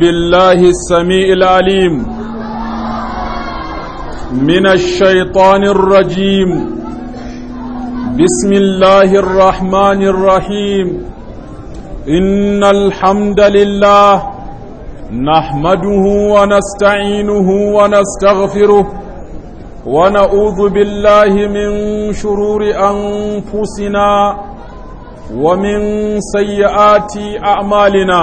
بالله السميع العليم من الشيطان الرجيم بسم الله الرحمن الرحيم إن الحمد لله نحمده ونستعينه ونستغفره ونعوذ بالله من شرور أنفسنا ومن سيئات أعمالنا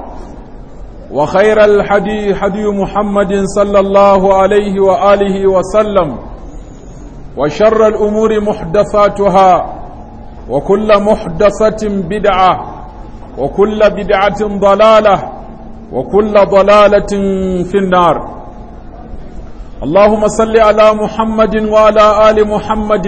وخير الحدي حدي محمد صلى الله عليه وآله وسلم وشر الأمور محدثاتها وكل محدثة بدعة وكل بدعة ضلالة وكل ضلالة في النار اللهم صل على محمد وعلى آل محمد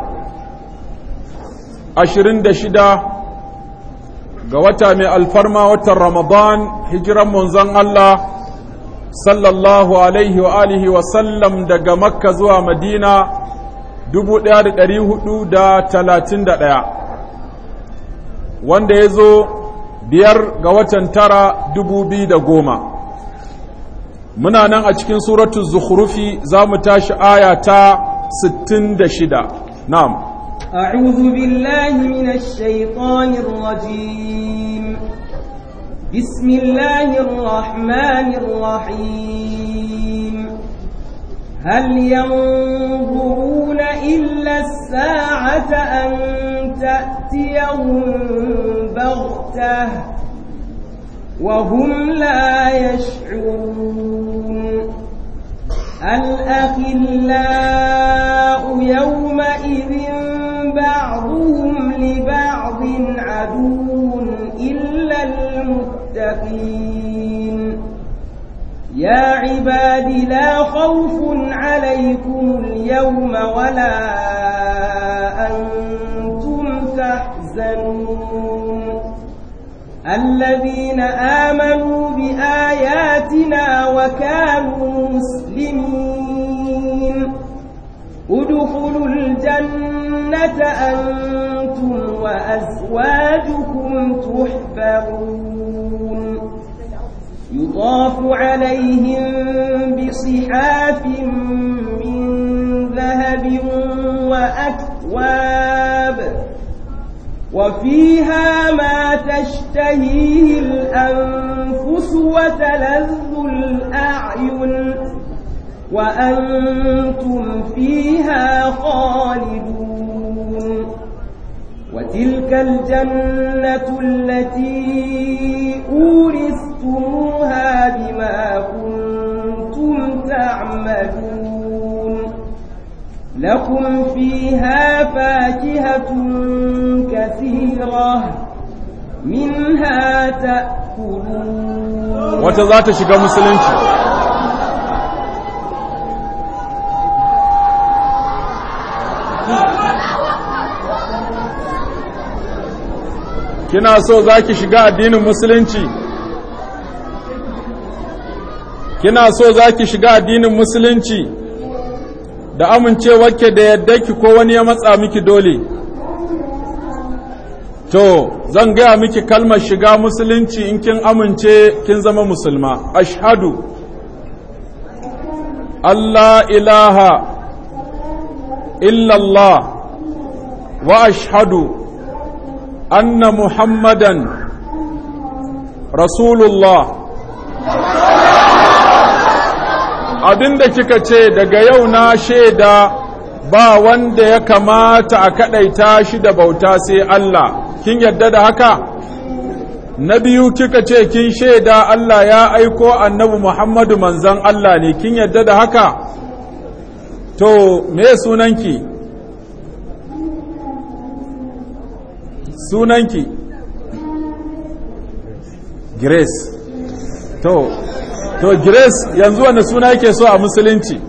ashirin da shida ga wata mai alfarma watan ramadan hijiran manzon Allah sallallahu alaihi wa alihi wa sallam daga makka zuwa madina dubu da talatin da ɗaya wanda ya zo biyar ga watan tara dubu biyu da goma muna nan a cikin suratun zuhrufi za mu tashi aya ta sittin da na'am أعوذ بالله من الشيطان الرجيم بسم الله الرحمن الرحيم هل ينظرون إلا الساعة أن تأتيهم بغتة وهم لا يشعرون الأخلاء يوم بعضهم لبعض عدو إلا المتقين يا عباد لا خوف عليكم اليوم ولا أنتم تحزنون الذين آمنوا بآياتنا وكانوا مسلمين ادخلوا الجنة أنتم وأزواجكم تحفرون يطاف عليهم بصحاف من ذهب وأكواب وفيها ما تشتهيه الأنفس وتلذ الأعين وأنتم فيها خالدون وتلك الجنة التي أورثتموها بما كنتم تعملون لكم فيها فاكهة كثيرة منها تأكلون وتزعت شكا مسلمتي kina so za ki shiga addinin musulunci kina so za ki shiga addinin musulunci da amincewarki da yadda ki ko wani ya matsa miki dole to zan gaya miki kalmar shiga musulunci in kin amince kin zama musulma ashhadu Allah ilaha illallah wa ashhadu أن محمدا رسول الله abinda kika ce daga yau na shaida ba wanda ya kamata a kaɗaita shi da bauta sai Allah kin yadda da haka na biyu kika ce kin shaida Allah ya aiko annabi Muhammadu manzan Allah ne kin yadda da haka to me sunanki sunanki grace to to grace yanzu wanda suna yake so a musulunci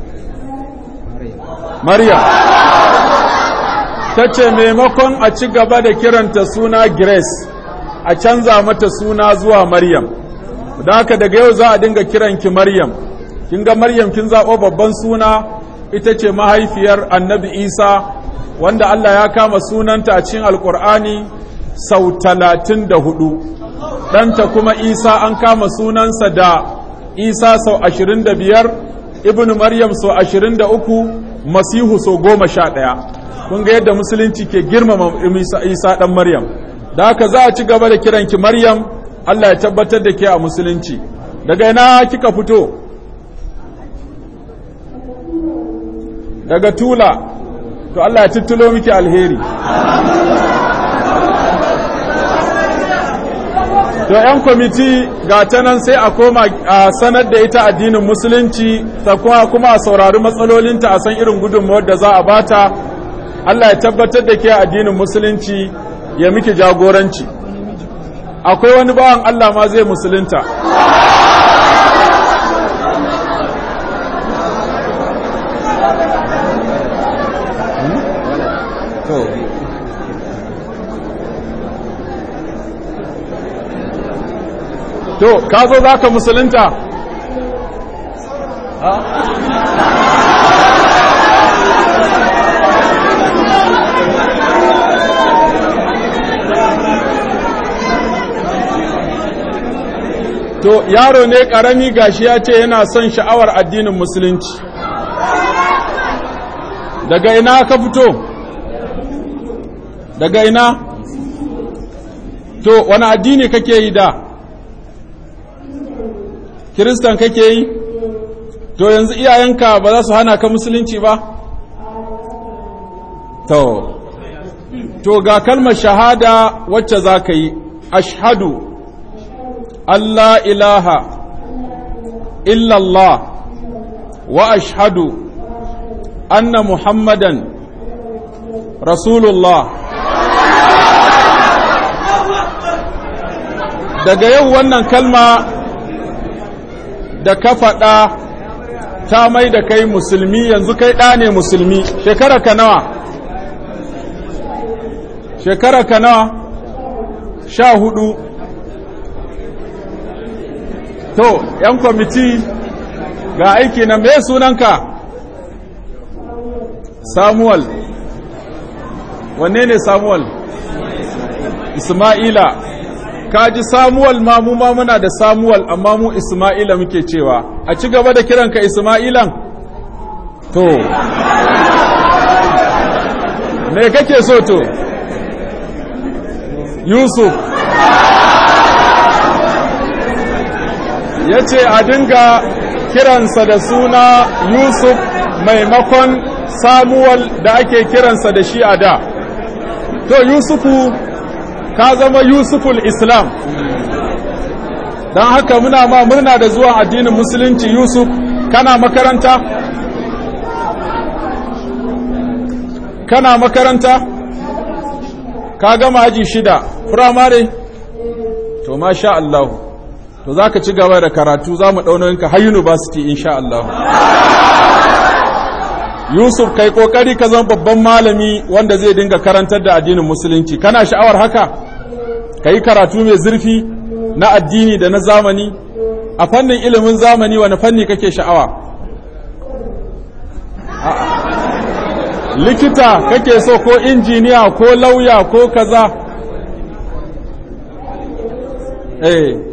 maryam ta ce maimakon a ci gaba da kiranta suna grace a canza mata suna zuwa maryam da haka daga yau za a dinga kiranki maryam kin ga maryam kin zaɓo babban suna ita ce mahaifiyar annabi isa wanda Allah ya kama sunanta a cikin alkur'ani sau talatin da hudu ɗanta kuma isa an kama sunansa da isa sau ashirin da biyar ibn maryam sau ashirin da uku masihu sau goma sha ɗaya kun ga yadda musulunci ke girmama isa ɗan maryam da haka za a ci gaba da kiranki maryam allah ya tabbatar da ke a musulunci daga ina kika fito daga tula to Allah ya tuttulo miki alheri to 'yan kwamiti ga ta nan sai a koma a sanar da ita addinin musulunci ta kuma a saurari matsalolinta a san irin gudunmawar da za a bata Allah ya tabbatar da ke addinin musulunci ya miki jagoranci akwai wani bawan Allah ma zai musulunta to ka zo za ka musulunta to yaro ne karami gashi ya ce yana son sha'awar addinin musulunci daga ina ka fito daga ina to wani addini kake yi da kiristan kake yi to yanzu iyayenka ba za su hana ka musulunci ba to to ga kalmar shahada wacce za ka yi ashhadu allah ilaha illallah wa ashhadu anna muhammadan rasulullah daga yau wannan kalma da ka faɗa ta mai da kai musulmi yanzu kai ɗa ne musulmi shekara ka nawa shekara ka nawa sha hudu to ‘yan kwamiti ga aiki na mai sunanka samuel wanne ne samuel isma'ila kaji samuwal ma mu ma muna da samuwal amma mu isma'ila muke cewa a ci gaba da kiranka isma'ilan to me kake so to yusuf ya ce a dinga kiransa da suna yusuf maimakon samuwal da ake kiransa da shi a da to yusufu ka zama yusuful islam don haka muna ma murna da zuwa addinin musulunci yusuf kana makaranta kana makaranta ka gama aji shida firamare to ma sha Allahu to za ka ci gaba da karatu za mu ɗaunoyinka har university in sha Allahu Yusuf kai kokari ka zama babban malami wanda zai dinga karantar da addinin musulunci kana sha'awar haka kai karatu mai zurfi na addini da na zamani a fannin ilimin zamani wani fanni kake sha'awa likita kake so ko injiniya ko lauya ko kaza eh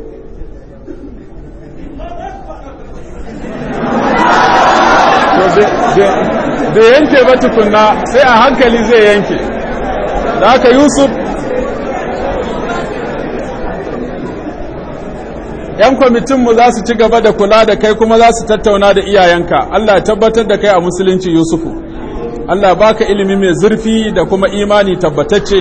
yeah bai yanke ba tukunna sai a hankali zai yanke da haka yusuf yan kwamitinmu za su ci gaba da kula da kai kuma za su tattauna da iyayenka allah ya tabbatar da kai a musulunci yusufu allah baka ilimi mai zurfi da kuma imani tabbatacce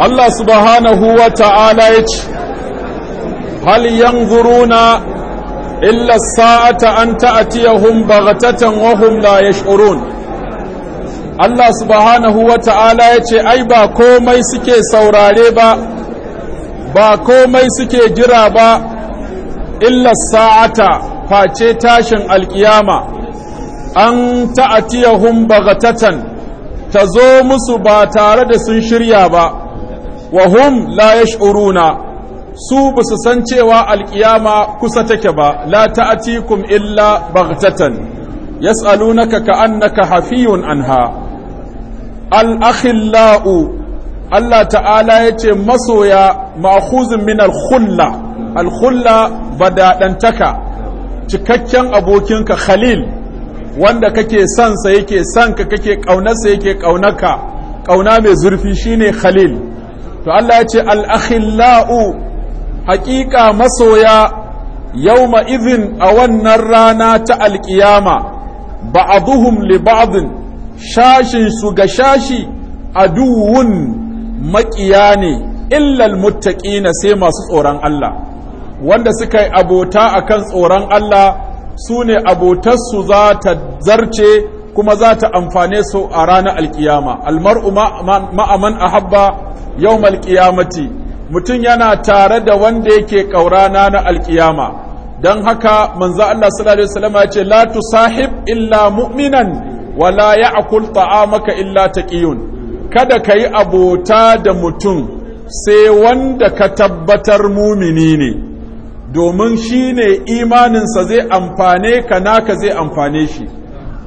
Allah subhanahu wa ta'ala ya ce, Hal yanzuruna illa sa'ata an ta'atiyahum baghatatan wa hum la yash'urun Allah subhanahu wa ta'ala ya ce, Ai, ba komai suke saurare ba, ba komai suke jira ba, illa sa'ata face tashin alkiyama, an ta'atiyahum baghatatan ta zo musu ba tare da sun shirya ba. wa hum la yash'uruna su basu san cewa alkiyama kusa take ba la ta'atikum illa baghtatan yas'alunaka ka'annaka hafiyun anha al-akhillau Allah ta'ala yace masoya ma'khuzun min al-khulla al-khulla badadantaka cikakken abokinka khalil wanda kake son sa yake son ka kake sa yake kaunaka kauna mai zurfi shine khalil to Allah ya ce al'akhila'u haƙiƙa masoya yau izin a wannan rana ta alƙiyama ba'aduhum li shashin shashinsu ga shashi aduwun maƙiya ne illal na sai masu tsoron Allah wanda suka yi abota a kan tsoron Allah su ne abotarsu za ta zarce kuma za ta amfane su a ranar alkiyama almar'u ma'aman habba. yau qiyamati mutum yana tare da wanda yake ƙaurana na alƙiyama. don haka manzo Allah sallallahu alaihi wasallam ya ce la tusahib illa mu'minan wala ya'kul ta'amaka illa taqiyun kada ka yi abota da mutum sai wanda ka tabbatar mumini ne domin shi ne imaninsa zai amfane ka naka zai amfane shi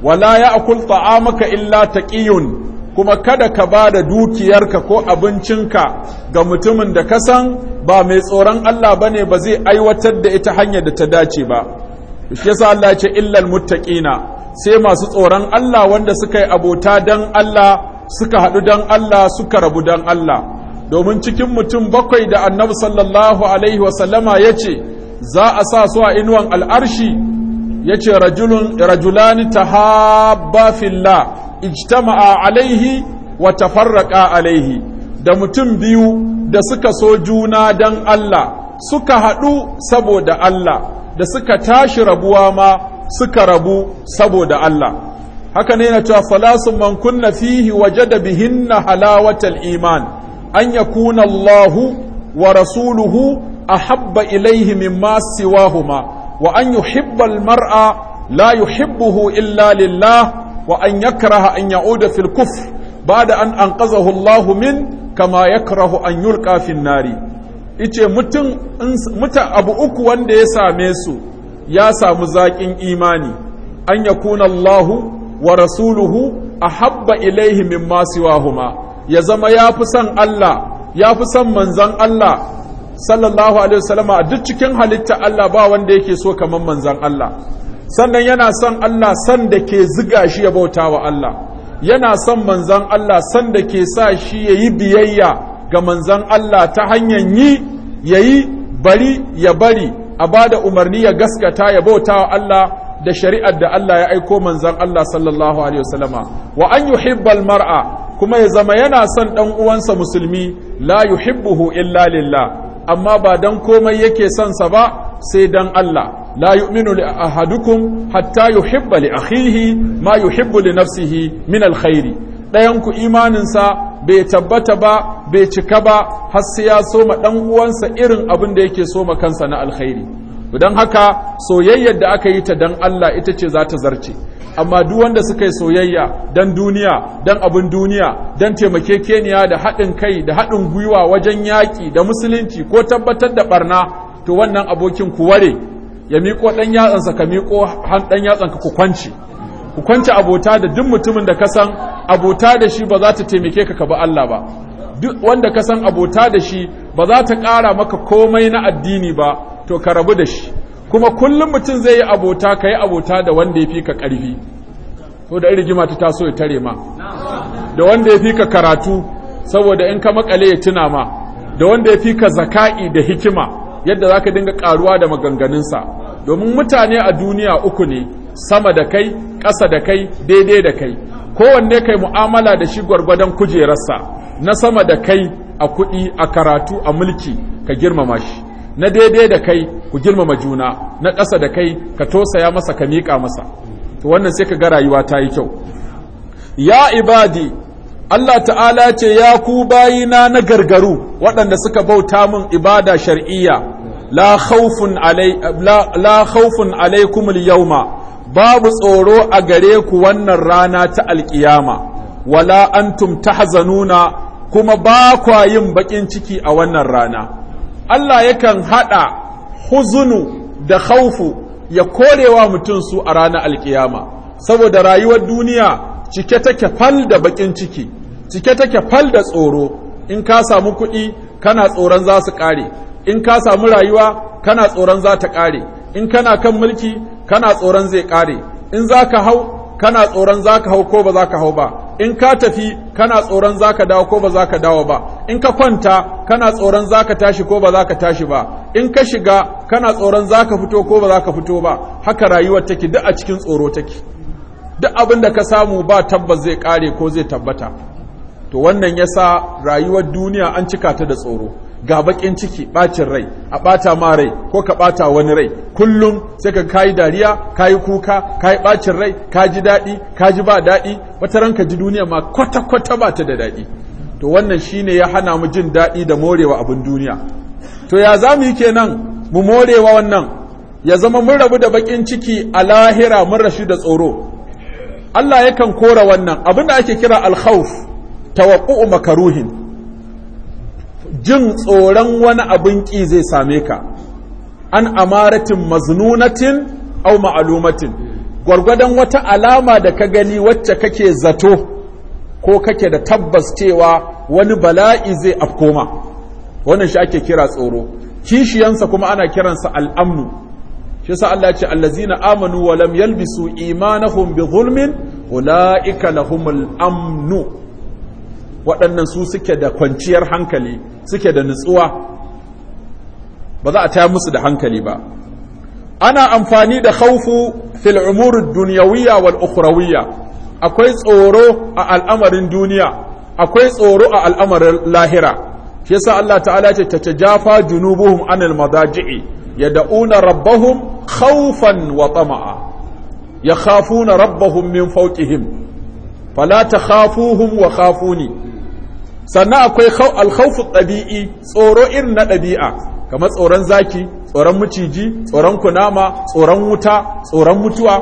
wala ya akulta maka illa taqiyun kuma kada ka ba da dukiyarka ko abincinka ga mutumin da ka san ba mai tsoron Allah ba ne ba zai aiwatar da ita hanyar da ta dace ba shi yasa Allah ya ce illal muttaqina sai masu tsoron Allah wanda suka yi abota dan Allah suka haɗu dan Allah suka rabu dan Allah domin cikin mutum bakwai da annabi sallallahu alaihi wasallama ya ce za a sa su a inuwan al'arshi ya ce rajulani ta fillah ijtama'a alaihi wa tafarraqa alaihi da mutum biyu da suka so juna dan Allah suka haɗu saboda Allah da suka tashi rabuwa ma suka rabu saboda Allah haka ne na cewa salasun man kunna fihi wajada bihinna halawatal iman an yakuna Allahu wa rasuluhu ahabba ilaihi mimma siwahuma wa an yuhibba al-mar'a la yuhibbuhu illa lillah wa an yakraha an ya'uda fil kufr ba'da an anqazahu Allah min kama yakrahu an yulqa fin nari ice mutum muta abu uku wanda ya same su ya samu zaƙin imani an yakuna Allah wa rasuluhu ahabba ilaihi mimma siwahuma ya zama ya fi son Allah ya fi son manzan Allah sallallahu alaihi wasallama duk cikin halitta Allah ba wanda yake so kamar manzan Allah sannan yana son Allah san da ke ziga shi ya bauta wa Allah yana son manzan Allah san da ke sa shi ya yi biyayya ga manzan Allah ta hanyar yi ya yi bari ya bari a ba da umarni ya gaskata ya bauta wa Allah da shari'ar da Allah ya aiko manzan Allah sallallahu alaihi wasallama wa an yuhibbal mar'a kuma ya zama yana son ɗan uwansa musulmi la yuhibbuhu illa lillah amma ba dan komai yake son ba sai dan Allah la yu'minu li ahadukum hatta yuhibba li akhihi ma yuhibbu li nafsihi min alkhairi dayan ku imanin sa bai tabbata ba bai cika ba har sai ya soma dan uwansa irin abin da yake soma kansa na alkhairi dan haka soyayyar da aka yi ta dan Allah ita ce za ta zarce amma duk wanda suka yi soyayya dan duniya dan abin duniya dan taimake-keniya, da haɗin kai da haɗin gwiwa wajen yaƙi da musulunci ko tabbatar da barna to wannan abokin ku ware ya miƙo ɗan yatsansa ka miƙo ɗan yatsanka ku kwanci ku kwanci abota da duk mutumin da ka san abota da shi ba za ta taimake ka ka bi Allah ba duk wanda ka san abota da shi ba za ta ƙara maka komai na addini ba to ka rabu da shi kuma kullum mutum zai yi abota ka yi abota da wanda ya fi ka ƙarfi to da irigima ta taso ya tare ma da wanda ya fi ka karatu saboda in ka makale ya tuna ma da wanda ya fi ka zaka'i da hikima yadda za ka dinga ƙaruwa da maganganunsa domin mutane a duniya uku ne sama da kai ƙasa da kai daidai da kai kowanne kai mu'amala da shi gwargwadon kujerarsa na sama da kai a kuɗi a karatu a mulki ka girmama shi na daidai da kai ku girmama juna na ƙasa da kai ka tosaya masa ka miƙa masa to wannan sai ka ga rayuwa ta yi kyau ya ibadi Allah ta'ala ce ya ku bayina na gargaru waɗanda suka bauta min ibada shar'iyya la khawfun alai la alaikum yauma babu tsoro a gare ku wannan rana ta alkiyama wala antum tahzanuna kuma ba kwa yin bakin ciki a wannan rana Allah yakan hada huzunu da khawfu ya korewa mutum su a ranar alkiyama saboda rayuwar duniya cike take fal da bakin ciki cike take fal da tsoro in ka samu kuɗi kana tsoron za su ƙare in ka samu rayuwa kana tsoron za ta ƙare in kana kan mulki kana tsoron zai ƙare in za ka hau kana tsoron za ka hau ko ba za ka hau ba in ka tafi kana tsoron za ka dawo ko ba za ka dawo ba in ka kwanta kana tsoron za ka tashi ko ba za ka tashi ba in ka shiga kana tsoron za ka fito ko ba za ka fito ba haka rayuwar take duk a cikin tsoro take duk abin da ka samu ba tabbas zai kare ko zai tabbata to wannan ya sa rayuwar duniya an cika ta da tsoro ga bakin ciki bacin rai a bata ma rai ko ka bata wani rai kullum sai ka kai dariya kai kuka kai bacin rai ka ji dadi ka ji ba dadi wata ranka ji duniya ma kwata kwata ba ta da dadi to wannan shine ya hana mu jin daɗi da morewa abin duniya to ya za mu yi kenan mu morewa wannan ya zama mun rabu da bakin ciki a lahira mun rashu da tsoro Allah yakan kora wannan abin da ake kira al-khawf tawaqqu'u makaruhin jin tsoron wani abin ki zai same ka an amaratin maznunatin au ma'lumatin gwargwadon wata alama da ka gani wacce kake zato ko kake da tabbas cewa wani bala'i zai afkoma wannan shi ake kira tsoro kishiyansa kuma ana kiransa al'amnu shi sa Allah ce allazina amanu wa lam yalbisu imanahum bi zulmin ula'ika lahumul amnu waɗannan su suke da kwanciyar hankali suke da nutsuwa ba za a taya musu da hankali ba ana amfani da khaufu fil umur dunyawiyya wal ukhrawiyya akwai tsoro a al'amarin duniya akwai tsoro a al'amarin lahira shi yasa Allah ta'ala ce ta tajafa junubuhum anil madaji'i yad'una rabbahum khawfan wa tama'a yakhafuna rabbahum min fawqihim fala takhafuhum wa ne. sannan akwai alkhawfu ɗabi'i tsoro irin na ɗabi'a kamar tsoron zaki tsoron maciji tsoron kunama tsoron wuta tsoron mutuwa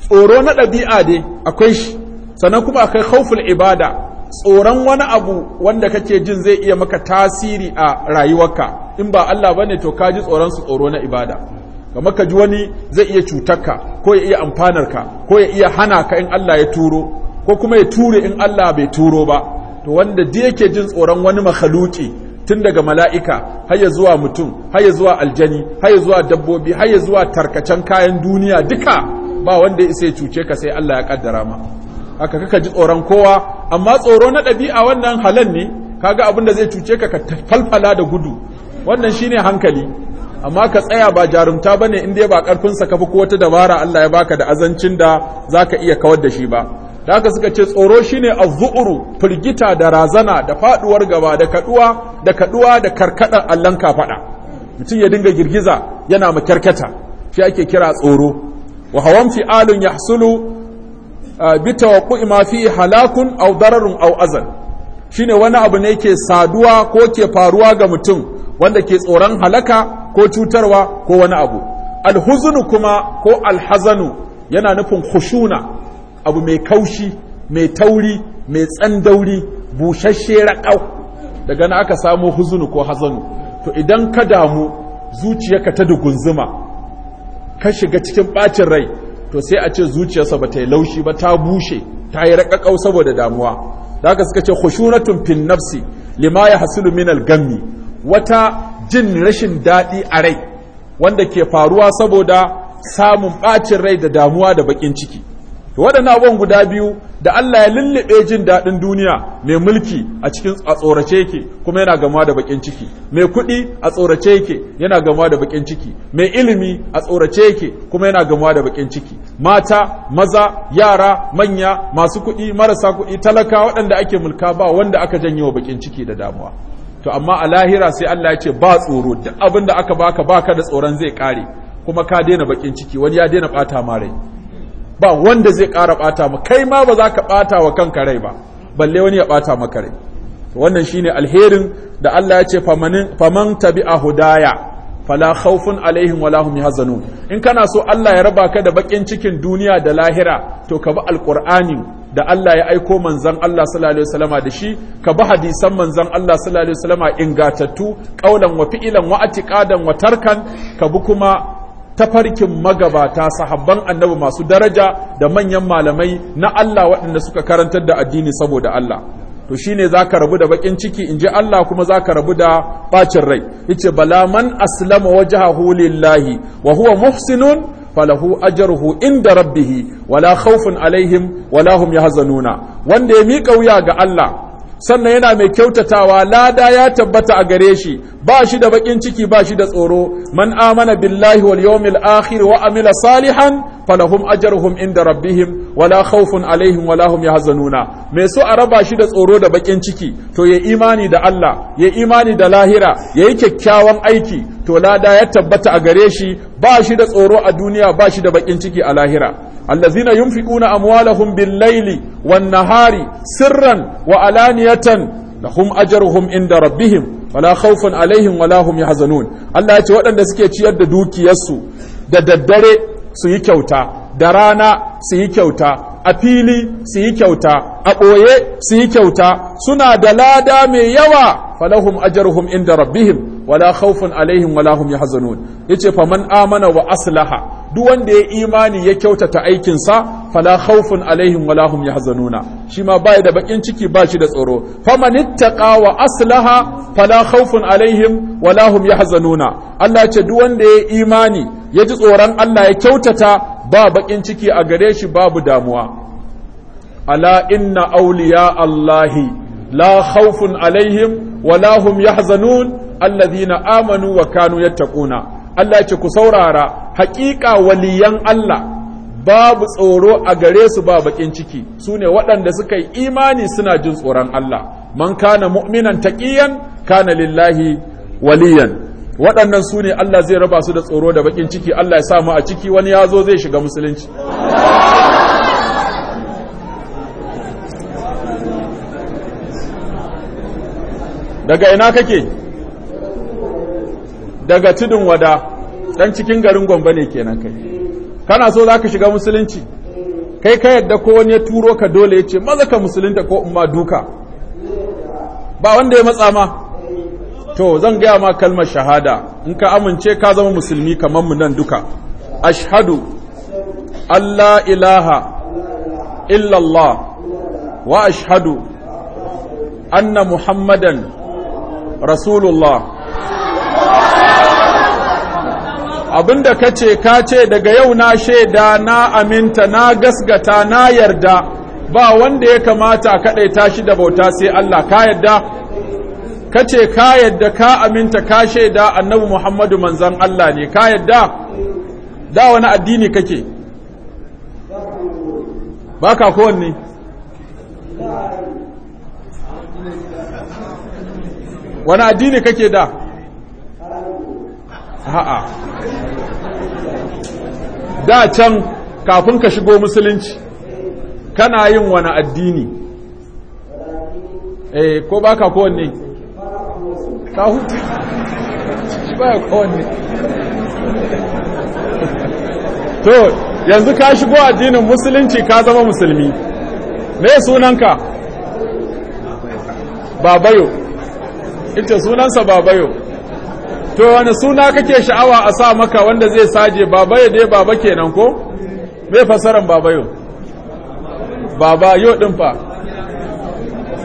tsoro na ɗabi'a dai akwai shi sannan kuma akwai khawful ibada tsoron wani abu wanda kake jin zai iya maka tasiri a rayuwarka in ba Allah bane to ka ji tsoron su tsoro na ibada kamar ka ji wani zai iya cutarka ko ya iya amfanar ka, ko ya iya hana ka in Allah ya turo ko kuma ya ture in Allah bai turo ba to wanda da yake jin tsoron wani makhaluki tun daga mala'ika har ya zuwa mutum har ya zuwa aljani har ya zuwa dabbobi har ya zuwa tarkacen kayan duniya duka ba wanda ya isa ya cuce ka sai Allah ya kaddara ma haka kaka ji tsoron kowa amma tsoro na ɗabi'a wannan halan ne kaga abin da zai cuce ka ka falfala da gudu wannan shine hankali amma ka tsaya ba jarumta bane in dai ba ƙarfinsa ka fi ko wata dabara Allah ya baka da azancin da zaka iya kawar da shi ba da haka suka ce tsoro shine a firgita da razana da faɗuwar gaba da kaduwa da kaduwa da karkada allan ka fada mutum ya dinga girgiza yana makarkata shi ake kira tsoro wa hawan fi'alun yahsulu bi tawaqqu'i ma fi halakun aw dararun aw azan shine wani abu ne ke saduwa ko ke faruwa ga mutum wanda ke tsoron halaka ko cutarwa ko wani abu alhuzunu kuma ko alhazanu yana nufin khushuna abu mai kaushi mai tauri mai tsandauri bushashe raƙau daga na aka samu huzunu ko hazanu to idan ka damu zuciyarka ta dugunzuma ka shiga cikin ɓacin rai to sai a ce zuciyarsa ba ta yi laushi ba ta bushe ta yi raƙaƙau saboda damuwa da haka suka ce khushunatun fil nafsi lima ya hasilu min al-gammi wata jin rashin daɗi a rai wanda ke faruwa saboda samun ɓacin rai da damuwa da bakin ciki to waɗannan abubuwan guda biyu da Allah ya lullube jin daɗin duniya mai mulki a cikin a tsorace yake kuma yana gama da bakin ciki mai kuɗi a tsorace yake yana gama da bakin ciki mai ilimi a tsorace yake kuma yana gama da bakin ciki mata maza yara manya masu kuɗi marasa kuɗi talaka waɗanda ake mulka ba wanda aka janyo bakin ciki da damuwa to amma a lahira sai Allah ya ce ba tsoro duk abin da aka baka baka da tsoron zai kare kuma ka daina bakin ciki wani ya daina bata ma rai ba wanda zai kara bata ma kai ma ba za ka bata wa kanka rai ba balle wani ya bata maka rai wannan shine alherin da Allah ya ce faman tabi'a hudaya fala khawfun alaihim wala hum yahzanun in kana so Allah ya raba ka da bakin cikin duniya da lahira to ka bi alqur'ani da Allah ya aiko manzan Allah sallallahu alaihi da shi ka bi hadisan manzan Allah sallallahu alaihi ingatattu qaulan wa fi'lan wa atiqadan wa tarkan ka bi kuma tafarkin magabata sahabban annabi masu daraja da manyan malamai na Allah waɗanda suka karantar da addini saboda Allah to shine zaka rabu da bakin ciki in ji Allah kuma zaka rabu da bacin rai yace bala man aslama wajhahu lillahi wa huwa muhsinun falahu ajruhu inda rabbih wala khawfun alaihim wala hum yahzanuna wanda ya mika wuya ga Allah sannan yana mai kyautatawa lada ya tabbata a gare shi ba shi da bakin ciki ba shi da tsoro man amana billahi wal yawmil akhir wa amila salihan falahum ajruhum inda rabbihim wala khawfun alaihim wala hum yahzanuna me so a raba shi da tsoro da bakin ciki to ya imani da Allah ya imani da lahira yayi kyakkyawan aiki to lada ya tabbata a gare shi ba shi da tsoro a duniya ba shi da bakin ciki a lahira allazina yunfiquna amwalahum bil laili wan nahari sirran wa alaniyatan lahum ajruhum inda rabbihim wala khawfun alaihim wala hum yahzanun Allah ya ce waɗanda suke ciyar da dukiyarsu da daddare su yi kyauta da rana su yi kyauta a fili su yi kyauta a ɓoye su yi kyauta suna da lada mai yawa falahum ajruhum inda rabbihim wala khawfun alaihim wala hum yahzanun yace faman amana wa aslaha duk wanda ya imani ya kyautata aikinsa fala khawfun alaihim wala hum yahzanuna shi ma bai da bakin ciki ba shi da tsoro faman ittaqa wa aslaha fala khawfun alaihim wala hum yahzanuna Allah ce duk wanda ya imani ya ji tsoron Allah ya kyautata ba bakin ciki a gare shi babu damuwa ala inna awliya Allahi la khawfun alaihim wala hum yahzanun alladhina amanu wa kanu yattaquna Allah ya ce ku saurara haƙiƙa waliyan Allah babu tsoro a gare su ba bakin ciki su ne waɗanda suka yi imani suna jin tsoron Allah man kana mu'minan taqiyan kana lillahi waliyan waɗannan su ne Allah zai raba su da tsoro da bakin ciki Allah ya mu a ciki wani ya zo zai shiga musulunci daga ina kake daga tudun wada dan cikin garin gombe ne kenan kai kana so zaka shiga musulunci kai ka yadda ko wani ya turo ka dole ya ce maza ka musulunta ko umma duka ba wanda ya matsa ma to zan gaya ma kalmar shahada in ka amince ka zama musulmi kamar mu nan duka ashhadu alla ilaha illallah wa ashhadu anna muhammadan rasulullah abinda ka ce ka ce daga yau na shaida na aminta na gasgata na yarda ba wanda ya kamata a kaɗaita shi da bauta sai Allah ka yarda ka ce ka yarda ka aminta ka shaida annabi Muhammadu manzan Allah ne ka yarda da wani addini kake ka kowanne wani addini kake da ha'a da can kafin ka shigo musulunci kana yin wani addini eh ko baka kowanne ka hutu shi baya kowanne to yanzu ka shigo addinin musulunci ka zama musulmi me sunanka babayo ita sunansa babayo to wani suna kake sha'awa a sa maka wanda zai saje ya dai baba kenan ko me fasaran babayo baba yo din fa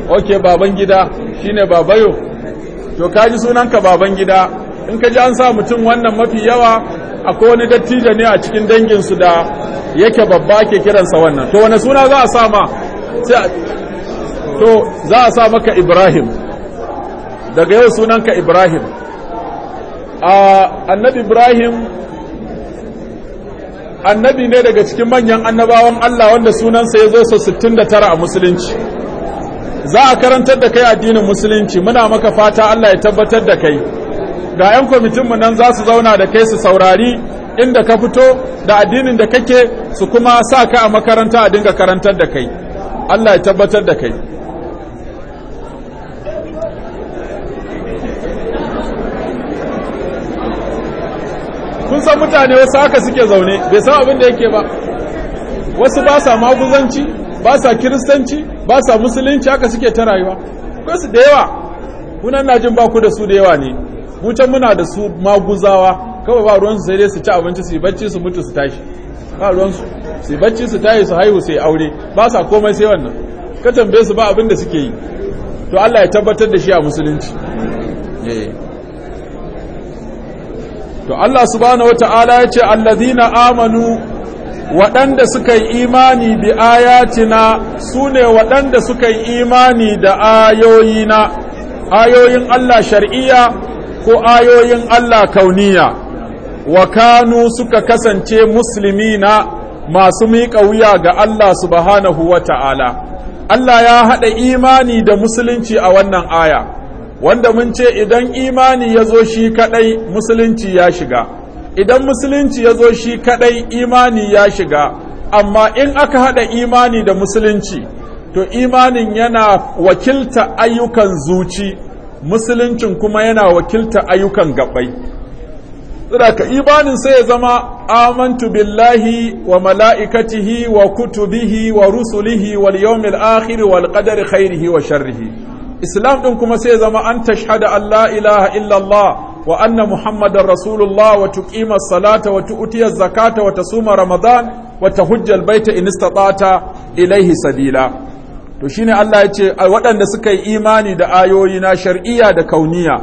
okay baban gida shine babayo to kaji sunanka baban gida in ka ji an sa mutum wannan mafi yawa akwai wani dattijo ne a cikin dangin su da yake babba ake kiransa wannan to wani suna za a sa ma to za a sa maka Ibrahim daga yau sunanka Ibrahim annabi ibrahim annabi ne daga cikin manyan annabawan allah wanda sunansa ya zo sau 69 a musulunci za a karantar da kai addinin musulunci muna maka fata allah ya tabbatar da kai ga 'yan kwamitinmu nan za su zauna da kai su saurari inda ka fito da addinin da kake su kuma sa ka a makaranta a dinga karantar da kai allah ya tabbatar da kai kun san mutane wasu haka suke zaune bai san abin da yake ba wasu ba sa maguzanci ba sa kiristanci ba sa musulunci aka suke ta rayuwa akwai su da yawa kunan na jin baku da su da yawa ne mu can muna da su maguzawa kawai ba ruwansu sai dai su ci abinci su yi bacci su mutu su tashi ba ruwansu su yi bacci su tashi su haihu su aure ba sa komai sai wannan ka tambaye su ba abin da suke yi to Allah ya tabbatar da shi a musulunci eh. to Allah subhanahu wata'ala ya ce allazina amanu waɗanda suka yi imani bi ayatina su ne waɗanda suka yi imani da ayoyina ayoyin Allah shar'iyya ko ayoyin Allah kauniya wa kanu suka kasance na masu miƙa wuya ga Allah subhanahu wata'ala Allah ya haɗa imani da musulunci a wannan aya wanda mun ce idan imani ya zo shi kadai musulunci ya shiga idan musulunci ya zo shi kadai imani ya shiga amma in aka hada imani da musulunci to imanin yana wakilta ayyukan zuci musuluncin kuma yana wakilta ayyukan gabai ka imanin sai ya zama amantu billahi wa mala'ikatihi wa kutubihi wa rusulihi wal yawmil akhir wal qadari khairihi wa sharrihi islam din kuma sai zama an tashhada Allah, ilaha illallah wa anna muhammadar rasulullah wa tuqima salata wa tu'tiya zakata wa tasuma ramadan wa tahujja albayta in istata'ta ilayhi sabila to shine Allah ya ce waɗanda suka yi imani da ayoyi na shar'iyya da kauniya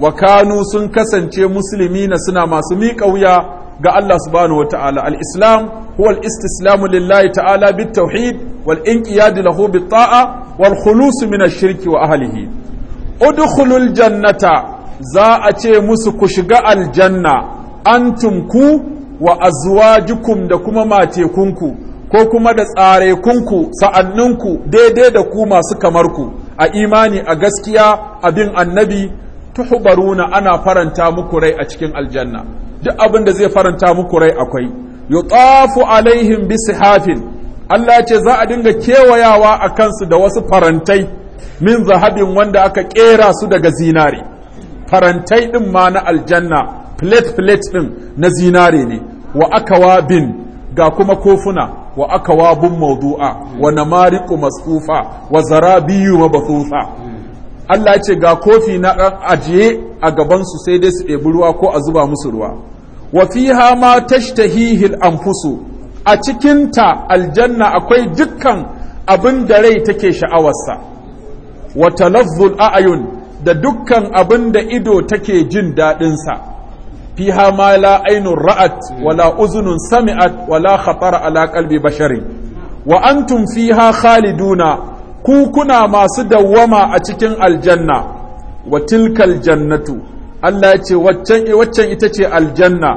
wa kanu sun kasance musulmi na suna masu miƙa wuya ga Allah subhanahu wataala al-islam huwa al-istislamu lillahi ta'ala bit tauhid wal inqiyad lahu bit ta'a wal khulus min ash wa ahlihi udkhulul jannata za a ce musu ku shiga aljanna antum ku wa azwajukum da kuma matekunku ko kuma da tsarekunku sa'anninku daidai da ku masu kamar ku a imani a gaskiya abin annabi tuhubaruna ana faranta muku rai a cikin aljanna duk abin da zai faranta muku rai akwai yutafu alaihim bisihafin Allah ce za a dinga kewayawa a kansu da wasu farantai min zahabin wanda aka kera su daga zinare farantai din ma na aljanna plate plate din na zinare ne wa akawa bin ga kuma kofuna wa akawabun mawdu'a wa namariqu masufa wa zarabiyu mabathufa Allah ya ce ga kofi na ajiye a gabansu sai dai su ɗebi ruwa ko a zuba musu ruwa wa fiha ma tashtahihi al-anfusu a cikinta aljanna akwai dukkan abin da rai take sha'awarsa wa talazzul a'yun da dukkan abin da ido take jin daɗinsa sa fiha ma la ainun ra'at wala uzunun sami'at wala khatara ala qalbi basharin wa antum fiha khaliduna kukuna masu dawwama a cikin aljanna wa tilkal jannatu Allah ya ce waccan waccan ita ce aljanna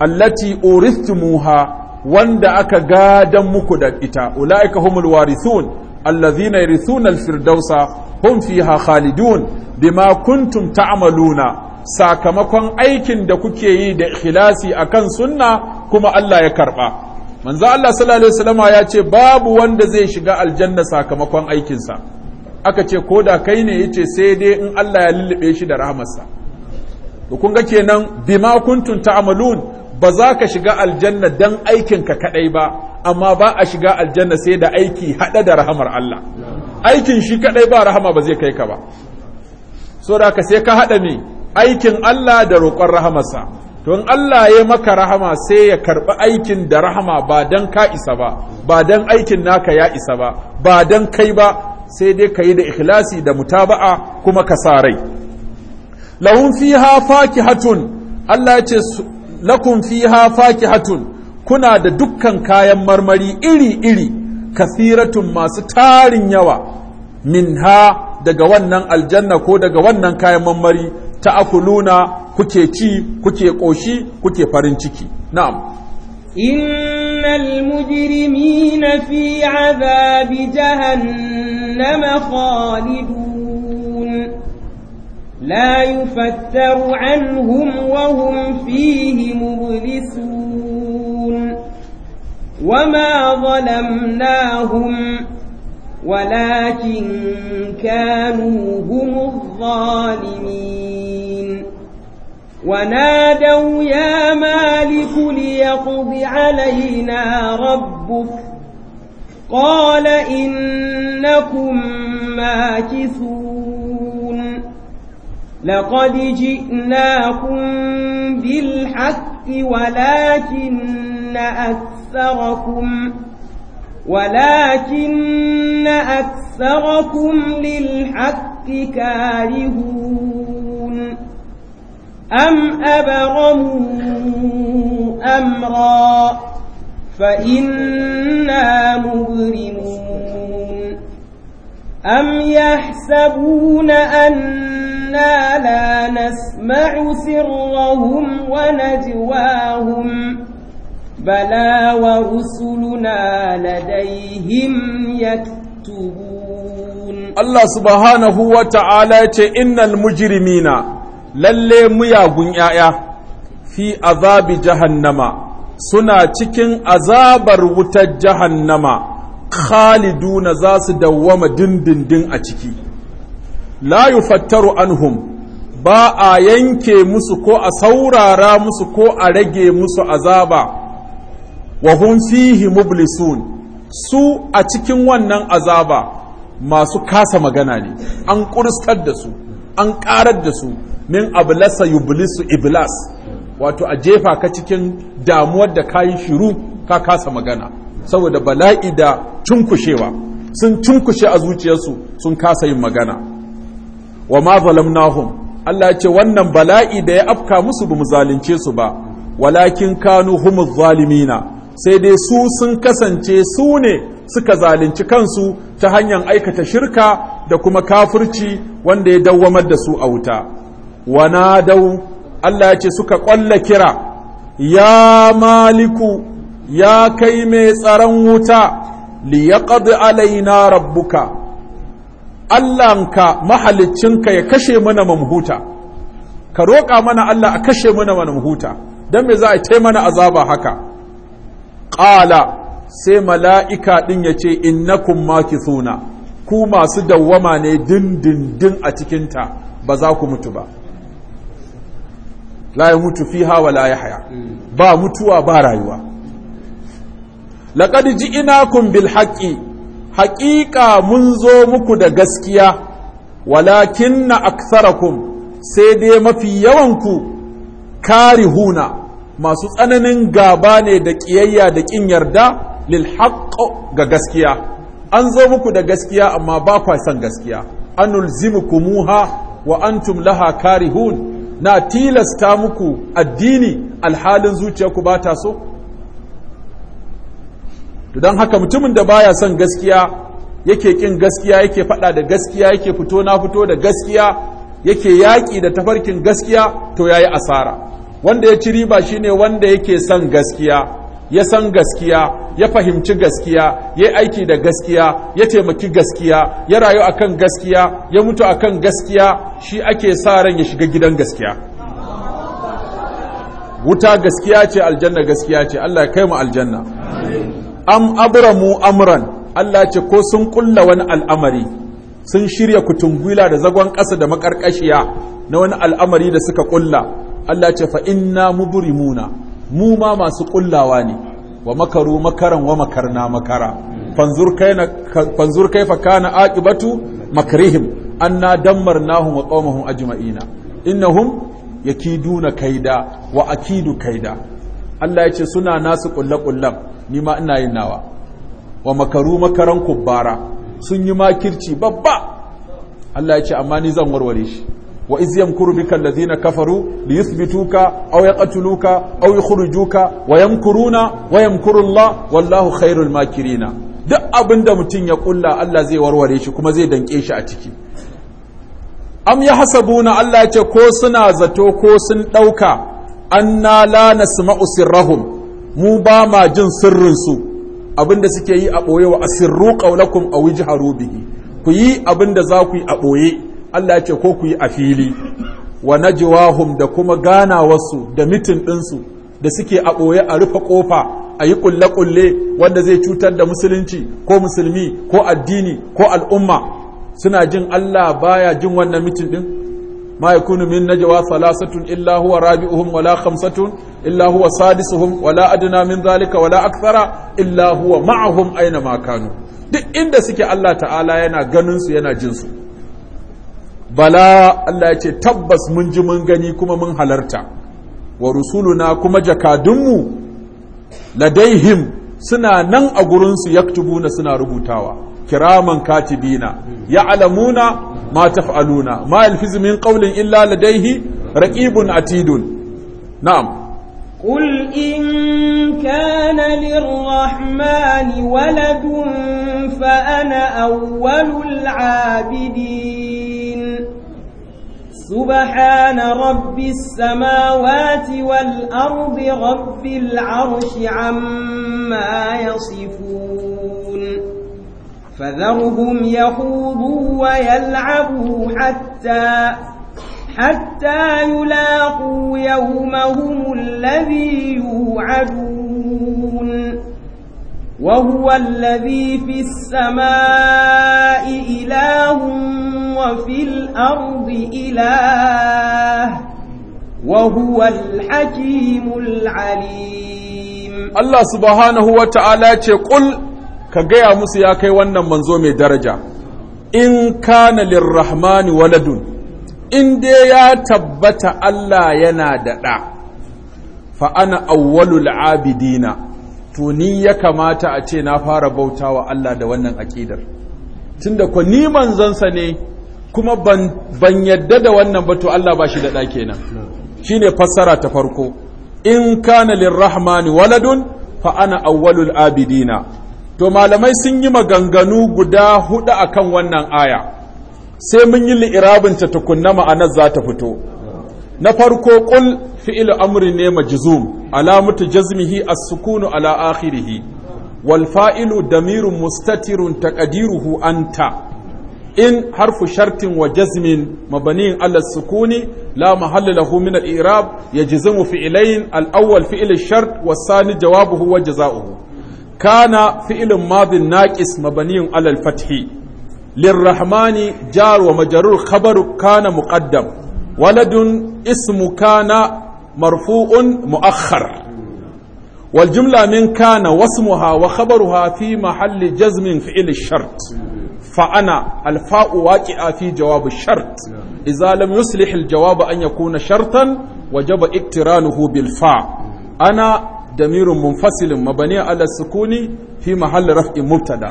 allati urithmuha wanda aka gadan muku da ita ulaika humul warithun allazina yarithuna alfirdausa hum fiha khalidun bima kuntum ta'maluna sakamakon aikin da kuke yi da ikhlasi akan sunna kuma Allah ya karba manzo Allah sallallahu alaihi wasallama ya ce babu wanda zai shiga aljanna sakamakon aikinsa aka ce ko da kai ne yace sai dai in Allah ya lullube shi da rahmarsa to kun ga kenan bima kuntum ta'malun ba za ka shiga aljanna dan aikin ka kadai ba amma ba a shiga aljanna sai da aiki hada da rahamar Allah aikin shi kadai ba rahama ba zai kai ka ba so da ka sai ka hada ne aikin Allah da roƙon rahamarsa to Allah ya maka rahama sai ya karɓi aikin da rahama ba dan ka isa ba ba dan aikin naka ya isa ba ba dan kai ba sai dai ka yi da ikhlasi da mutaba'a kuma ka sa rai lahum fiha fakihatun Allah ya ce lakum fiha fakihatun kuna da dukkan kayan marmari iri-iri kafiratun masu tarin yawa minha daga wannan aljanna ko daga wannan kayan marmari ta ta'kuluna kuke ci kuke ƙoshi kuke farin ciki na'am innal mujrimina fi azabi jahannama khalidun la yufattaru anhum wa hum fihi mublisun wama zalamnahum ولكن kanu هم الظالمين ونادوا يا مالك ليقض علينا ربك قال إنكم ماكثون لقد جئناكم بالحق ولكن أكثركم ولكن أكثركم للحق كارهون أم أبرموا أمرا فإنا مبرمون أم يحسبون أنا لا نسمع سرهم ونجواهم بلى ورسلنا لديهم يكتبون الله سبحانه وتعالى إن المجرمين lalle muyagun ‘ya'ya fi azabi jahannama suna cikin azabar wutar jahannama khaliduna za su dawwama dindindin a ciki la yufattaru anhum ba a yanke musu ko a saurara musu ko a rage musu azaba wa hun fihi mublisun su a cikin wannan azaba masu kasa magana ne an ƙurstar da su an ƙarar da su min ablasa yublisu iblas wato a jefa ka cikin damuwar da kayi shiru ka kasa magana saboda bala'i da cunkushewa sun cunkushe a zuciyarsu sun kasa yin magana wa ma zalamnahum Allah ce wannan bala'i da ya afka musu bamu zalunce su ba walakin kanu humuz zalimina sai dai su sun kasance su ne suka zalunci kansu ta hanyar aikata shirka da kuma kafirci wanda ya dawwamar da su a wuta Wana dau Allah ya ce suka ƙwalla kira ya maliku ya kai mai tsaron wuta liyaqad alaina rabbuka Allahnka mahaliccinka ya kashe mana mamhuta ka roƙa mana Allah a kashe mana mamhuta dan me za a ce mana azaba haka qala sai mala'ika din yace innakum makithuna ku masu dawwama ne dindindin a cikinta ba za ku mutu ba la ya mutu fi hawa la ya haya ba mutuwa ba rayuwa laƙadi ji ina kun bil haƙi haƙiƙa mun zo muku da gaskiya walakin na aksarakum sai dai mafi yawanku kari huna. masu tsananin gaba ne da ƙiyayya da ƙin yarda lil ga gaskiya an zo muku da gaskiya amma ba kwa son gaskiya an kumuha wa antum laha karihun na tilasta muku addini alhalin zuciyarku ba ta so don haka mutumin da baya son gaskiya yake kin gaskiya yake fada da gaskiya yake fito na fito da gaskiya yake yaƙi da tafarkin gaskiya to yayi asara wanda ya ci riba shine wanda yake son gaskiya ya san gaskiya ya fahimci gaskiya ya aiki da gaskiya ya taimaki gaskiya ya rayu a kan gaskiya ya mutu a kan gaskiya shi ake sa ran ya shiga gidan gaskiya wuta gaskiya ce aljanna gaskiya ce Allah ya kai mu aljanna am abramu amran Allah ce ko sun kulla wani al'amari sun shirya kutungwila da zagon ƙasa da makarƙashiya na wani al'amari da suka kulla Allah ce fa inna muna, mu ma masu kullawa ne wa makaru makaran wa makarna makara fanzur kaifa kana aqibatu makrihim anna dammarnahum wa na ajma'ina innahum yakiduna kaida wa akidu kaida Allah ya ce suna nasu kullam ni ma ina yin nawa wa makaru makaran kubbara sun yi makirci babba Allah ya ce amma ni zan warware shi wa iz yamkuru bika allazina kafaru li yuthbituka aw yaqtuluka aw yukhrijuka wa yamkuruna wa yamkuru Allah wallahu khairul makirina duk abinda mutum ya kulla Allah zai warware shi kuma zai danke shi a ciki am na Allah ya ce ko suna zato ko sun an na lana nasma'u sirrahum mu ba ma jin sirrin su abinda suke yi a ɓoye wa asirru ƙaunakun a wujiharu bihi ku yi abinda za ku yi a ɓoye. Allah ce ko ku yi a fili wa najwahum da kuma ganawarsu da mitin ɗinsu da suke a ɓoye a rufe ƙofa a yi ƙulle-ƙulle wanda zai cutar da musulunci ko musulmi ko addini ko al'umma suna jin Allah baya jin wannan mitin ɗin ما يكون من نجوى ثلاثة إلا هو رابعهم ولا خمسة إلا هو سادسهم ولا أدنى من ذلك ولا أكثر إلا هو معهم أينما كانوا duk inda suke Allah ta'ala yana ganinsu yana jinsu bala Allah ya ce tabbas mun ji mun gani kuma mun halarta wa rusuluna kuma jakadunmu ladaihim suna nan a gurinsu na suna rubutawa kiraman katibina ya'lamuna ma taf'aluna ma yalfizu min qawlin illa ladaihi raqibun atidun na'am قل إن كان للرحمن ولد فأنا أول العابدين سبحان رب السماوات والأرض رب العرش عما يصفون فذرهم يخوضوا ويلعبوا حتى حتى يلاقوا يومهم الذي يوعدون وهو الذي في السماء إله وفي الأرض إله وهو الحكيم العليم الله سبحانه وتعالى قل كجيا موسى يا كي wannan manzo mai daraja in kana lirrahmani waladun in dai ya tabbata Allah yana da da fa ana abidina to ni ya kamata a ce na fara bauta wa Allah da wannan aƙidar tunda ko ni manzansa ne kuma ban yadda da wannan ba to Allah ba shi da ɗa kenan shine fassara ta farko in kana lirrahmani waladun fa ana awwalul abidina to malamai sun yi maganganu guda hudu akan wannan aya sai mun yi li'irabin ta tukunna ma'anar za ta fito na farko ƙul fi'il amri ne majzum alamatu jazmihi as-sukunu ala akhirihi wal fa'ilu damirun mustatirun taqdiruhu anta in harfu shartin wa jazmin mabaniyin Allah sukuni la mahalla lahu min al-i'rab yajzimu fi'layn al-awwal fi'l shart was-sani jawabuhu wa jazaohu kana fi'lun madin naqis mabaniyin ala al-fath lirrahmani jar wa majrur khabaru kana muqaddam waladun ismu kana marfu'un mu'akhkhar wal jumla min kana wasmuha hawa khabaruha fi mahalli jazmin fi'il shart fa'ana ana al fa'u jawab shart idza lam yuslih jawab an yakuna shartan wajaba iktiranuhu bil fa ana ma منفصل مبني على السكون في محل رفع مبتدا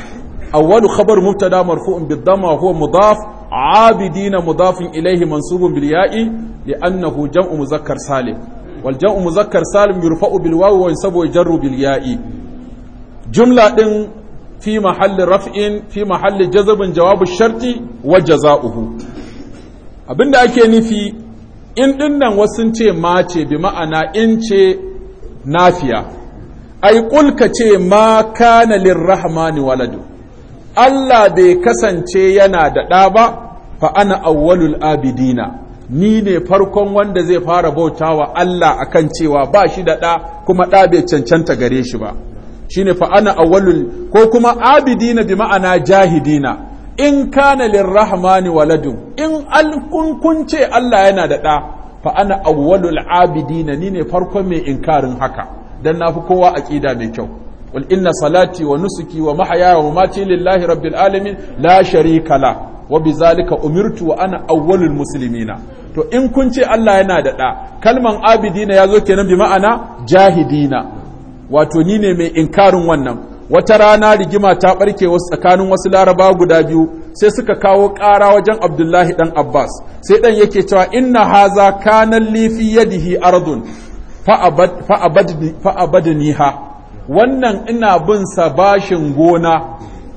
أول خبر مبتدا مرفوع بالضمة وهو مضاف abidina muzafin ilaihi mansubun bil ya'i li'annahu jam'u muzakkar salim wal jam'u muzakkar salim yurfa'u bil wawi wa yansabu ya'i jumla din fi mahalli raf'in fi mahalli jazabin jawabu sharti wa jaza'uhu abinda ake nufi in dinnan wasu ce ma bi ma'ana in ce nafiya ai kulka ce ma kana lirrahmani waladu Allah bai kasance yana da ɗa ba fa ana awwalul abidina ni ne farkon wanda zai fara bautawa Allah akan cewa ba shi da ɗa kuma ɗa bai cancanta gare shi ba ne fa ana awwalul ko kuma abidina bi ma'ana jahidina in kana Rahmani waladun in kun ce Allah yana da ɗa fa ana awwalul abidina ni ne farkon mai inkarin haka dan nafi kowa aƙida mai kyau qul inna salati wa nusuki wa mahaya wa mamati lillahi rabbil alamin la sharika la wa bizalika umirtu wa ana awwalul musulmina? to in kun ce Allah yana da da kalman abidina ya zo kenan bi ma'ana jahidina wato ni ne mai inkarin wannan wata rana rigima ta barke wasu tsakanin wasu laraba guda biyu sai suka kawo ƙara wajen abdullahi ɗan abbas sai ɗan yake cewa inna haza kanan lifi yadihi ardun fa'abadni niha. wannan ina bin sa bashin gona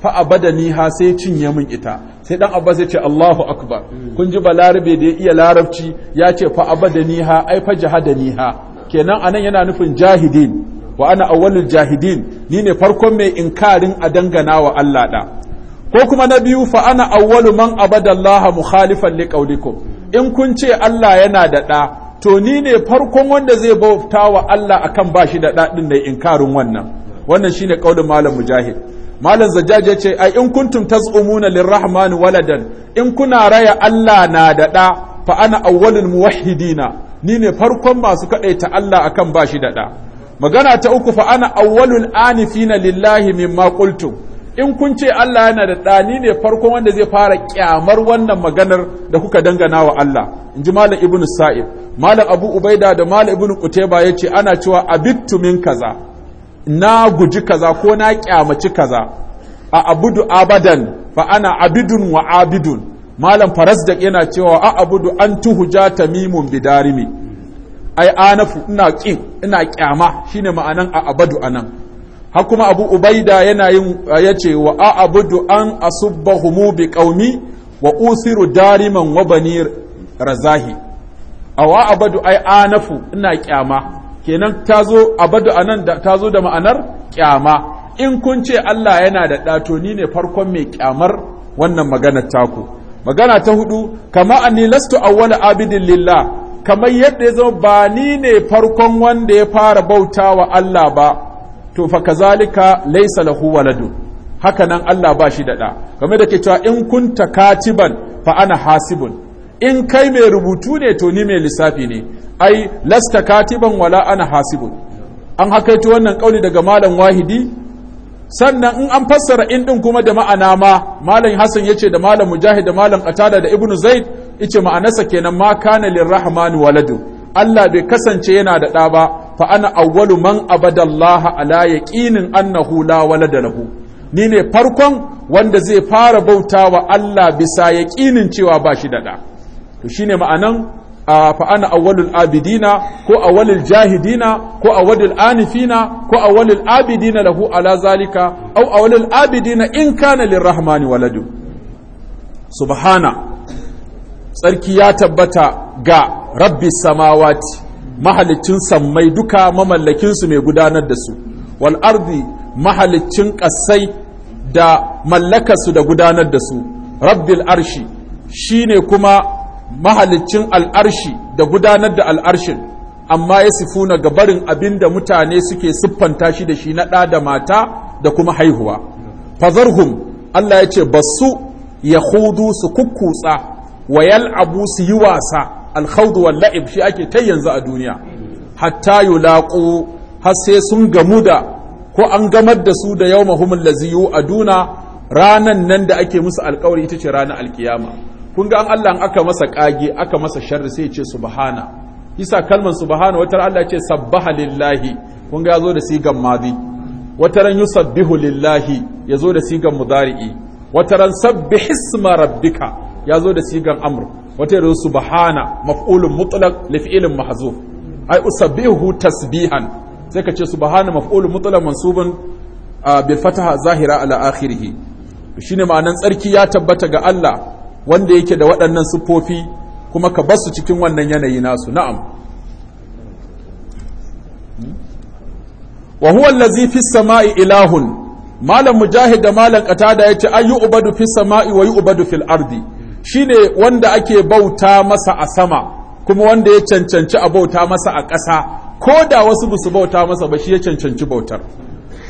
fa abada niha sai cinye min ita sai dan Abba zai ce Allahu akbar kun ji balarabe da ya iya larabci ya ce fa abada ni ha ai fa jahada ni ha kenan anan yana nufin jahidin wa ana awwalul jahidin ni ne farkon mai inkarin a dangana wa Allah da ko kuma na biyu fa ana awwalu man abada Allah mukhalifan liqaulikum in kun ce Allah yana da da to ni ne farkon wanda zai bauta wa Allah akan ba shi da dadin da inkarin wannan wannan shine kaulin malam mujahid malam zajjaj ya ce ai in kuntum taz'umuna lirrahmani waladan in kuna raya Allah na da da fa ana awwalul muwahhidina ni ne farkon masu kadaita Allah akan bashi shi da magana ta uku fa ana awwalul anifina lillahi mimma qultum in kun ce Allah yana da ɗa ni ne farkon wanda zai fara kyamar wannan maganar da kuka dangana wa Allah in ji malam ibnu sa'id malam abu ubaida da malam ibn kuteba ya ce ana cewa abittu min kaza na guji kaza ko na kyamaci kaza a abudu abadan fa ana abidun wa abidun malam farasdak yana cewa a abudu an tuhuja tamimun bidarimi ai anafu ina kin ina kyama shine ma'anan a abadu anan har kuma abu ubaida yana yin yace wa a abudu an asubbahumu bi qaumi wa usiru dariman wa bani razahi awa abadu ai anafu ina kyama kenan ta tazo abadu nan da zo da ma'anar kyama in kun ce Allah yana da ɗato ni ne farkon mai kyamar wannan maganar taku magana ta hudu kama anni lastu awwala abidin lillah kamar yadda ya zama ba ni ne farkon wanda ya fara bauta wa Allah ba to fa kazalika laysa lahu waladu haka nan Allah ba shi da ɗa game da ke cewa in kunta katiban fa ana hasibun in kai mai rubutu ne to ni mai lissafi ne ai lasta katiban wala ana hasibun an ta wannan kauli daga malam wahidi sannan in an fassara in din kuma da ma'ana ma malam hasan ce da malam mujahid da malam qatada da ibnu zaid yace ma'anarsa kenan ma kana lirrahman waladu Allah bai kasance yana da ɗa ba fa ana awwalu man abadallaha ala yaqinin annahu la walada lahu ni ne farkon wanda zai fara bautawa Allah bisa yaƙinin cewa ba shi da ɗa to shine ma'anan fa ana awwalul abidina ko awwalul jahidina ko awwalul anifina ko awwalul abidina lahu ala zalika aw awwalul abidina in kana lirrahmani waladu subhana tsarki ya tabbata ga rabbi samawati mahalicin sammai duka mamallakinsu mai gudanar da su wal ardi mahalicin ƙasai da mallakarsu da gudanar da su rabbil arshi shine kuma mahalicin al'arshi da gudanar da al'arshin amma ya sifuna ga barin abin da mutane suke siffanta shi da shi na ɗa da mata da kuma haihuwa fazarhum Allah ya ce basu ya hudu su kukkutsa wa abu su yi wasa alhaudu wa la'ib shi ake ta yanzu a duniya hatta laƙo har sai sun gamu da ko an gamar da su da yau yawmahumul a duna ranan nan da ake musu alƙawari ita ce ranar alkiyama kun ga an Allah aka masa kage aka masa sharri sai ya ce subhana isa kalmar subhana watar Allah ce sabbaha lillahi kun ga yazo da sigan madi wataran yusabbihu lillahi yazo da sigan mudari'i wataran sabbih isma rabbika yazo da sigan amr wataran subhana maf'ulun mutlaq li fi'lin mahzuf ai usabbihu tasbihan sai ka ce subhana maf'ulun mutlaq mansubun bil fataha zahira ala akhirih shine ma'anan tsarki ya tabbata ga Allah wanda yake da waɗannan siffofi kuma ka basu cikin wannan yanayi nasu na'am wa huwa allazi fi samai ilahun malam mujahid da malam qatada yace ayu ubadu fi samai wa yu'badu fil ardi shine wanda ake bauta masa a sama kuma wanda ya cancanci a bauta masa a ƙasa ko da wasu ba su bauta masa ba shi ya cancanci bautar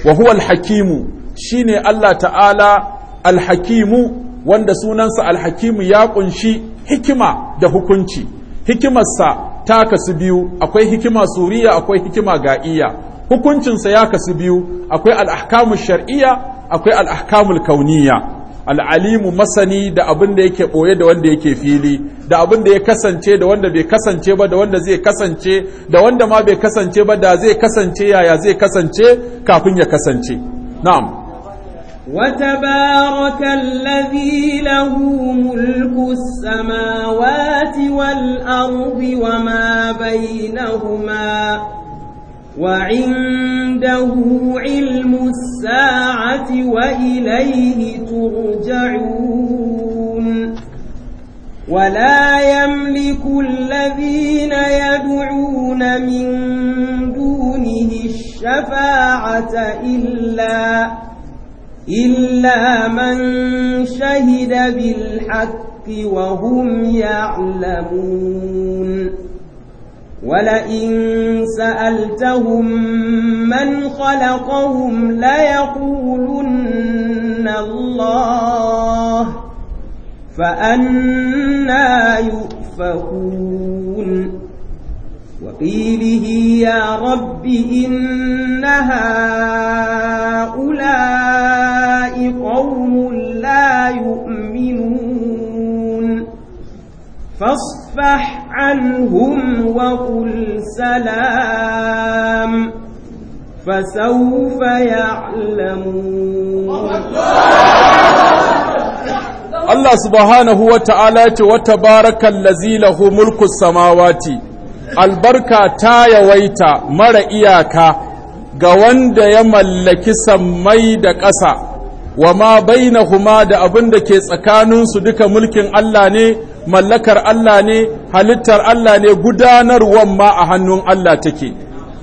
wa huwa al-hakimu shine Allah ta'ala al-hakimu wanda sunansa alhakimu ya kunshi hikima da hukunci hikimarsa ta kasu biyu akwai hikima suriya akwai hikima ga'iya hukuncinsa ya kasu biyu akwai al'ahkamu shar'iyya akwai alahkamun kauniya al'alimu masani da abin da yake ɓoye da wanda yake fili da abin da ya kasance da wanda bai kasance ba da wanda zai kasance da wanda ma bai kasance ba da zai kasance yaya zai kasance kafin ya kasance na'am وتبارك الذي له ملك السماوات والأرض وما بينهما وعنده علم الساعة وإليه ترجعون ولا يملك الذين يدعون من دونه الشفاعة إلا إلا من شهد بالحق وهم يعلمون ولئن سألتهم من خلقهم ليقولن الله فأنا يؤفكون قيله يا رب إن هؤلاء قوم لا يؤمنون فاصفح عنهم وقل سلام فسوف يعلمون الله سبحانه وتعالى وتبارك الذي له ملك السماوات albarka ta yawaita mara iyaka ga wanda ya mallaki sammai da ƙasa wa ma huma da abin da ke tsakaninsu duka mulkin Allah ne mallakar Allah ne halittar Allah ne gudanarwar ma a hannun Allah take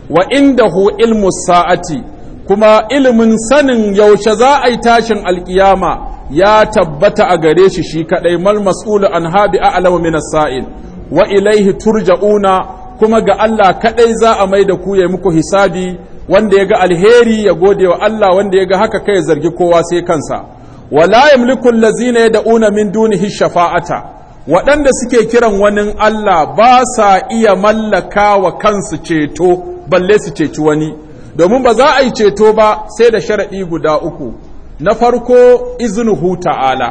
wa hu ilmu sa'ati kuma ilimin sanin yaushe za a yi tashin alkiyama ya tabbata a gare shi shi kadai mal mas'ulu an habi a'lamu min as-sa'il wa ilaihi turja'una kuma ga Allah kaɗai za a mai da ku ya muku hisabi wanda ya ga alheri ya gode wa Allah wanda ya ga haka kai zargi kowa sai kansa wala yamliku allazina yad'una min dunihi shafa'ata waɗanda suke kiran wani Allah ba sa iya mallaka wa kansu ceto balle su ceci wani domin ba za a yi ceto ba sai da sharaɗi guda uku na farko iznuhu ta'ala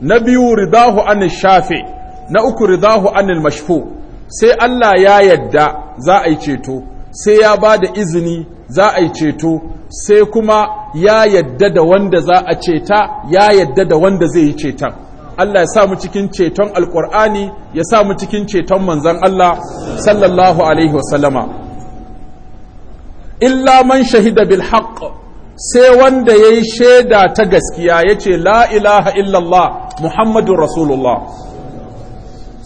na biyu ridahu anil shafi na uku ridahu anil mashfu' sai Allah ya yadda za a yi ceto sai ya ba da izini za a yi ceto sai kuma ya yadda da wanda za a ceta ya yadda da wanda zai yi ceton Allah ya sa mu cikin ceton alkur'ani ya sa mu cikin ceton manzan Allah sallallahu alaihi wasallama illa man shahida bil haqq sai wanda yayi shaida ta gaskiya yace la ilaha illallah muhammadur rasulullah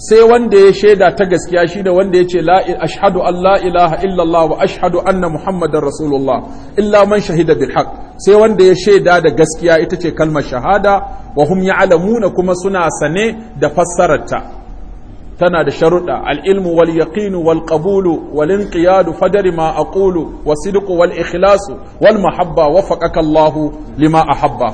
sai wanda ya shaida ta gaskiya ne wanda ya ce ashadu an la ilaha illallah wa ashadu anna muhammadar rasulullah illa man shahida bil haq sai wanda ya shaida da gaskiya ita ce kalmar shahada wa hum ya'lamuna kuma suna sane da fassararta tana da sharuɗa al-ilmu wal yaqinu wal qabulu wal inqiyadu fadari ma aqulu wa sidqu wal ikhlasu wal mahabba waffaqaka Allahu lima ahabba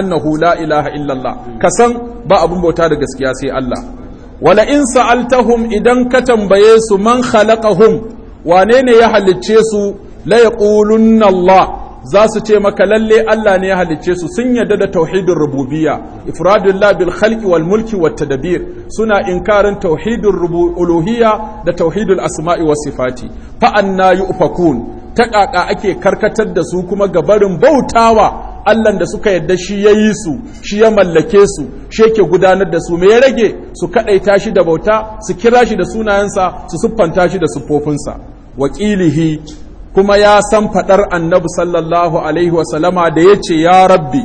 annahu la ilaha illallah kasan ba abun bauta da gaskiya sai Allah wala in sa'altahum idan ka tambaye su man khalaqahum wane ne ya halicce su la yaqulunna Allah za su ce maka lalle Allah ne ya halicce su sun yadda da tauhidin rububiyya ifradullah bil khalqi wal mulki wat tadbir suna inkarin tauhidin uluhiyya da tauhidul asma'i was sifati fa anna yufakun ta ƙaƙa ake karkatar da su kuma gabarin bautawa Allahn da suka yadda shi ya yi su shi ya mallake su shi yake gudanar da su me ya rage su kaɗaita shi da bauta su kira shi da sunayensa su siffanta shi da siffofinsa wakilihi kuma ya san faɗar annabi sallallahu alaihi wasallama da ya ce ya rabbi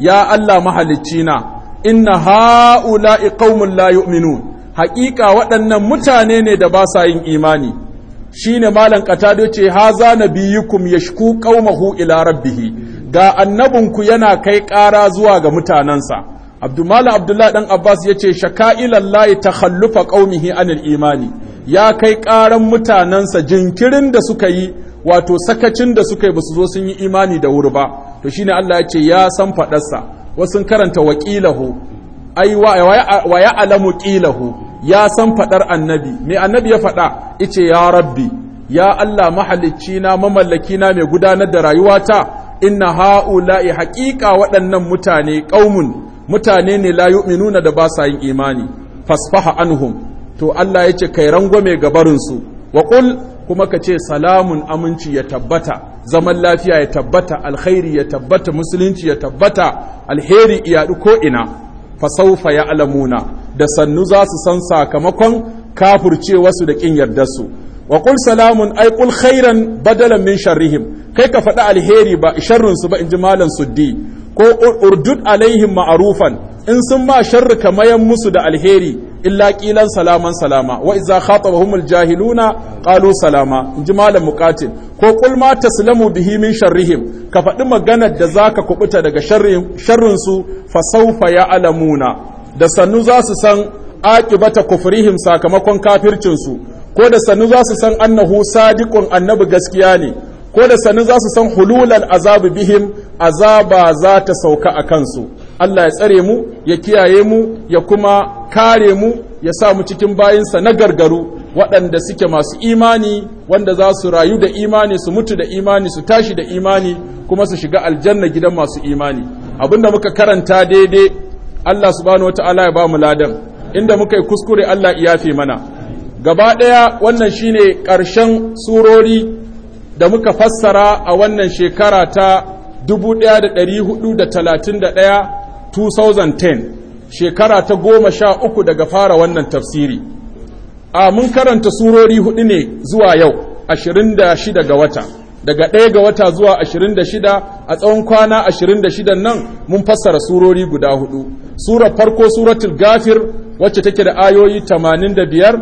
ya Allah mahalicina inna ha'ula'i qaumun la yu'minun haƙiƙa waɗannan mutane ne da ba sa yin imani shine malam qatado ce haza nabiyukum yashku qaumahu ila rabbih ga annabinku yana kai ƙara zuwa ga mutanansa abdulmala abdullahi dan abbas ya ce yace ta takhallufa qaumihi anil imani ya kai ƙaran mutanansa jinkirin da suka yi wato sakacin da suka yi basu zo sun yi imani da wuri ba to shi ne Allah yace ya san faɗarsa wasu karanta waqilahu ai wa ya alamu qilahu ya san faɗar annabi mai annabi ya faɗa ice ya rabbi ya Allah mahalicci na mamallaki na mai gudanar da rayuwata inna ha'ula'i haƙiƙa waɗannan mutane ƙaumun mutane ne la yu'minuna da ba yin imani fasfaha anhum to Allah ya ce kai rangwame gabarinsu wa qul kuma ka ce salamun aminci ya tabbata zaman lafiya ya tabbata alkhairi ya tabbata musulunci ya tabbata alheri ko ko'ina fasaufa ya alamuna da sannu za su san sakamakon kafurcewasu da ƙin yardarsu wa qul salamun ai qul khairan badalan min sharrihim kai ka faɗi alheri ba sharrin su ba inji malam suddi ko urdud alaihim ma'rufan in sun ba sharri kamayan musu da alheri illa qilan salaman salama wa idza khatabahum aljahiluna qalu salama inji malam muqatil ko qul ma taslamu bihi min sharrihim ka faɗi maganar da zaka kubuta daga sharrin sharrin su fa sawfa ya'lamuna da sannu za su san akibata kufrihim sakamakon kafircinsu ko da sannu za su san annahu sadiqun annabi gaskiya ne ko da sannu za su san hululan azabu bihim azaba za ta sauka a kansu Allah ya tsare mu ya kiyaye mu ya kuma kare mu ya sa mu cikin bayinsa na gargaru waɗanda suke masu imani wanda za su rayu da imani su mutu da imani su tashi da imani kuma su shiga aljanna gidan masu imani abinda muka karanta daidai Allah subhanahu wataala ya ba mu ladan inda muka yi kuskure Allah ya fi mana gaba ɗaya wannan shine ƙarshen surori da muka fassara a wannan shekara ta 1431 2010 shekara ta goma sha uku daga fara wannan tafsiri a mun karanta surori hudu ne zuwa yau 26 ga wata daga ɗaya ga wata zuwa 26 a tsawon kwana 26 nan mun fassara surori guda hudu surar farko suratul gafir wacce take da ayoyi 85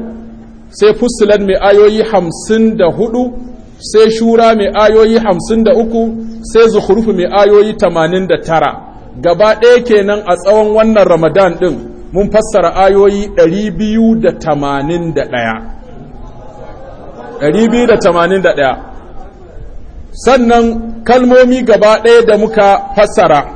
sai fusulan mai ayoyi 54 sai shura mai ayoyi 53 sai zukhrufu mai ayoyi 89 gaba ɗaya kenan a tsawon wannan ramadan ɗin mun fassara ayoyi 281 281 sannan kalmomi gaba ɗaya da muka fassara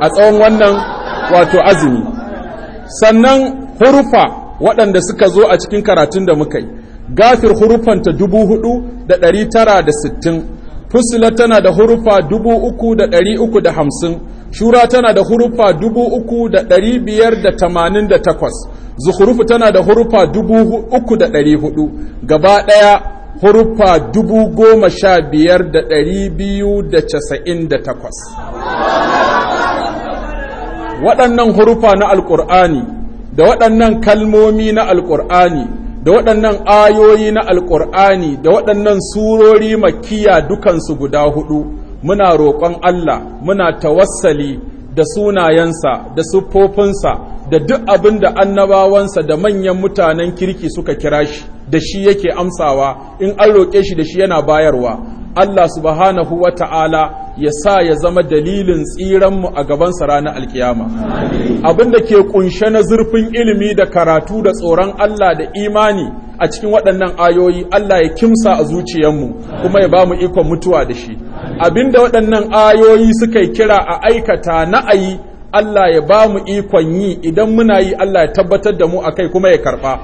a tsawon wannan wato azumi sannan hurufa waɗanda suka zo a cikin karatun da muka yi gafir hurufanta dubu hudu da ɗari tara da sittin fusila tana da hurufa dubu uku da ɗari uku da hamsin shura tana da hurufa dubu uku da ɗari biyar da tamanin da takwas zuhurufu tana da hurufa dubu uku da ɗari hudu gaba ɗaya hurufa dubu goma sha biyar da ɗari biyu da casa'in da takwas waɗannan hurufa na alƙur'ani da waɗannan kalmomi na alƙur'ani da waɗannan ayoyi na alƙur'ani da waɗannan surori makiya dukansu guda hudu muna roƙon Allah muna tawassali da sunayensa da siffofinsa da duk abin da annabawansa da manyan mutanen kirki suka kira shi da shi yake amsawa in an roƙe shi da shi yana bayarwa Allah subhanahu wa ta'ala ya sa ya zama dalilin tsiranmu a gaban sa ranar alkiyama. Abin da ke kunshe na zurfin ilimi da karatu da tsoron Allah da imani a cikin waɗannan ayoyi Allah ya kimsa a zuciyarmu kuma ya ba mu ikon mutuwa da shi. Abin da waɗannan ayoyi suka kira a aikata na ayi Allah ya ba mu ikon yi idan muna yi Allah ya tabbatar da mu a kai kuma ya karɓa.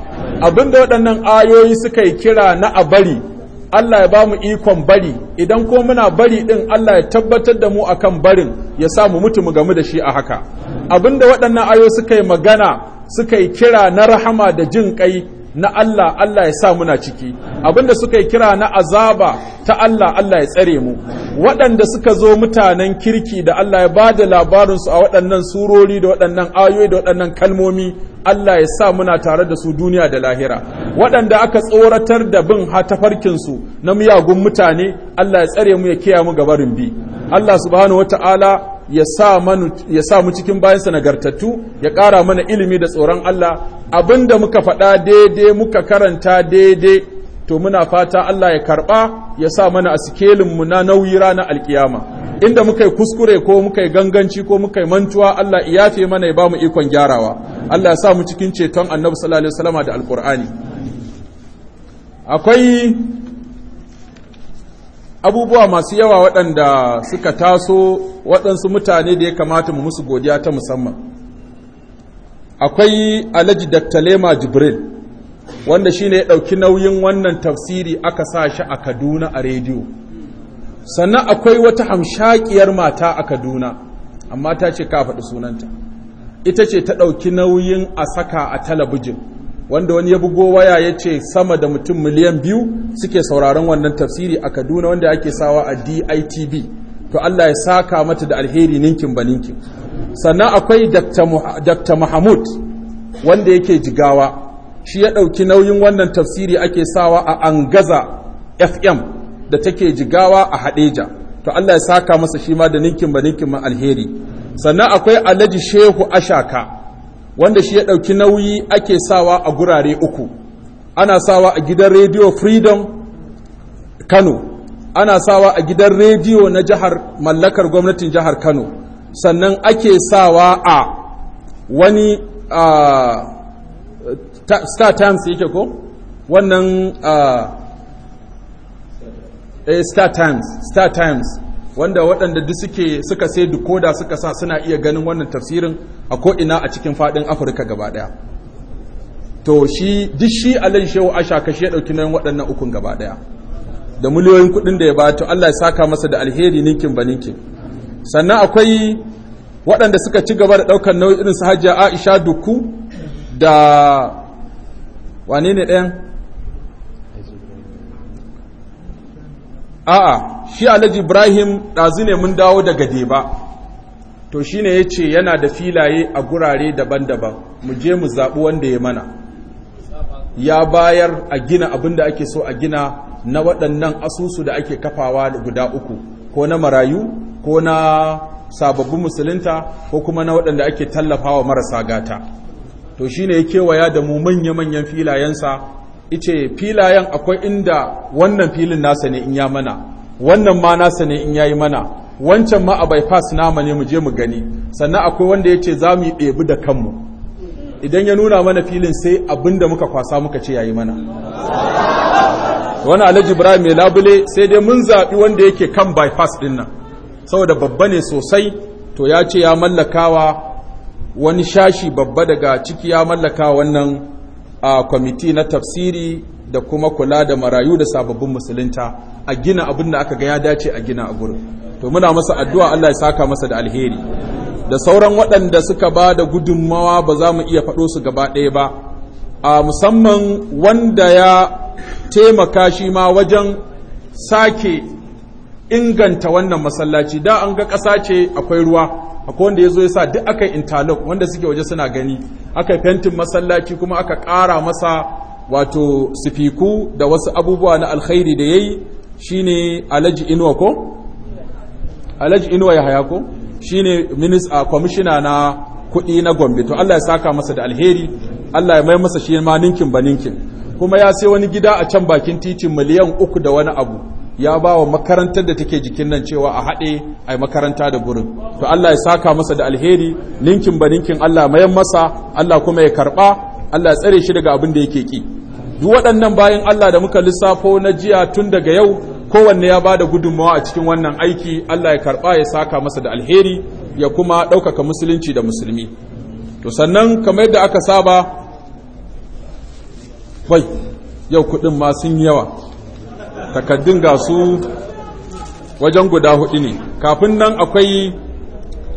Abin da waɗannan ayoyi suka yi kira na a bari Allah ya ba mu ikon bari idan ko muna bari ɗin Allah ya tabbatar da mu akan barin ya sa mu mutu mu gamu da shi a haka abinda waɗannan ayo suka yi magana suka yi kira na rahama da jin kai na Allah Allah ya sa muna ciki abinda suka yi kira na azaba ta Allah Allah ya tsare mu waɗanda suka zo mutanen kirki da Allah ya bada labarinsu a waɗannan surori da waɗannan ayoyi da waɗannan kalmomi Allah ya sa muna tare da su duniya da lahira waɗanda aka tsoratar da bin hatafarkinsu na miyagun mutane Allah ya tsare mu ya kiya mu gabarin bi Allah subhanahu wata'ala ya sa mu cikin sa nagartattu ya ƙara mana ilimi da tsoron Allah abinda muka faɗa daidai muka karanta daidai to muna fata Allah ya karɓa ya sa mana a sikelinmu na nauyi ranar alkiyama inda muka yi kuskure ko muka yi ganganci ko muka yi mantuwa Allah ya yafe mana ya ba mu ikon gyarawa Allah ya sa mu cikin ceton annabi sallallahu alaihi da alkur'ani akwai abubuwa masu yawa waɗanda suka taso waɗansu mutane da ya kamata mu musu godiya ta musamman akwai alhaji dr lema jibril wanda shi ne ya ɗauki nauyin wannan tafsiri aka sa shi a kaduna a rediyo sannan akwai wata hamshakiyar mata a kaduna amma ta ce ka faɗi sunanta ita ce ta ɗauki nauyin a saka a talabijin wanda wani ya bugo waya ya ce sama da mutum miliyan biyu suke sauraron wannan tafsiri a kaduna wanda ake sawa a ditb to allah ya saka mata da alheri ninkin ba ninkin sannan akwai dr mahmud wanda yake jigawa shi ya ɗauki nauyin wannan tafsiri ake sawa a angaza fm da take jigawa a hadeja to allah ya saka masa shi ma da ninkin ba ninkin ma alheri sannan akwai alhaji shehu ashaka wanda shi ya ɗauki nauyi ake sawa a gurare uku ana sawa a gidan rediyo freedom kano ana sawa a gidan rediyo na jihar mallakar gwamnatin jihar kano sannan ake sawa a wani star times yake ko wannan eh, star times wanda waɗanda duk suke suka sai koda suka sa suna iya ganin wannan tafsirin a ko'ina a cikin faɗin afirka gaba ɗaya to shi duk shi alan shehu asha shi ya ɗauki yin waɗannan ukun gaba ɗaya da miliyoyin kuɗin da ya ba to allah ya saka masa da alheri ninkin ba ninkin sannan akwai waɗanda suka ci gaba da ɗaukar nau'in su hajjia aisha duku da wane ne ɗayan a'a shi alhaji ibrahim ɗazu ne mun dawo daga deba to shi ne ya ce yana da filaye a gurare daban-daban mu je mu zaɓi wanda ya mana ya bayar a gina abin da ake so a gina na waɗannan asusu da ake kafawa guda uku ko na marayu ko na sababbin musulunta ko kuma na waɗanda ake tallafawa marasa gata to shi ne ya kewaya da mu manya-manyan filayensa ice filayen akwai inda wannan filin nasa ne in ya mana wannan ma nasa ne in yayi mana wancan ma a bypass nama ne mu je mu gani sannan akwai wanda yace za mu ɗebi da kanmu idan ya nuna mana filin sai abinda muka kwasa muka ce yayi mana wani alhaji ibrahim mai labule sai dai mun zaɓi wanda yake kan bypass ɗin nan saboda babba ne sosai to ya ce ya mallakawa wani shashi babba daga ciki ya mallaka wannan a kwamiti na tafsiri da kuma kula da marayu da sababbin musulunta a gina abin da aka ga ya dace a gina a gurin to muna masa addu'a Allah ya saka masa da alheri da sauran waɗanda suka ba da gudunmawa ba za mu iya faɗo su gaba ɗaya ba a musamman wanda ya taimaka shi ma wajen sake inganta wannan masallaci da an ga ƙasa ce akwai ruwa akwai wanda ya zo ya sa duk aka interlock wanda suke waje suna gani aka yi fentin masallaci kuma aka ƙara masa wato sifiku da wasu abubuwa na alkhairi da ya yi shi ne alhaji inuwa ko? alhaji inuwa ya haya ko? shi ne kwamishina na kuɗi na gombe to Allah ya saka masa da alheri Allah ya mai masa shi ma ninkin ba ninkin kuma ya sai wani gida a can bakin titin miliyan uku da wani abu ya ba wa makarantar da take jikin nan cewa a haɗe a makaranta da gurin to Allah ya saka masa da alheri ninkin ba ninkin Allah mayan masa Allah kuma ya karɓa Allah ya tsare shi daga abin da yake ki duk waɗannan bayan Allah da muka lissafo na jiya tun daga yau kowanne ya ba da gudunmawa a cikin wannan aiki Allah ya karɓa ya saka masa da alheri ya kuma ɗaukaka musulunci da musulmi to sannan kamar yadda aka saba bai yau kuɗin ma sun yawa takaddun gasu wajen guda hudu ne kafin nan akwai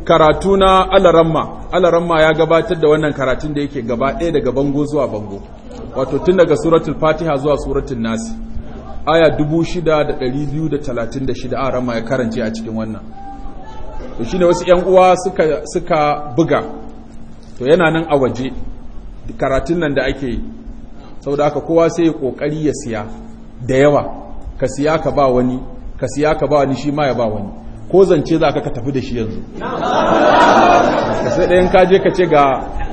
karatu na alaramma alaramma ya gabatar da wannan karatun da yake gaba ɗaya daga bango zuwa bango wato tun daga suratul fatiha zuwa suratul nasi aya 6236 arama ya karance a cikin wannan to shine wasu 'yan uwa suka buga to yana nan a waje karatun nan da ake yi saboda haka kowa sai ya kokari ya siya da yawa ka siya ka ba wani ka siya ka ba wani shi ma ya ba wani ko zance za ka tafi da shi yanzu sai ɗayan kaje ka ce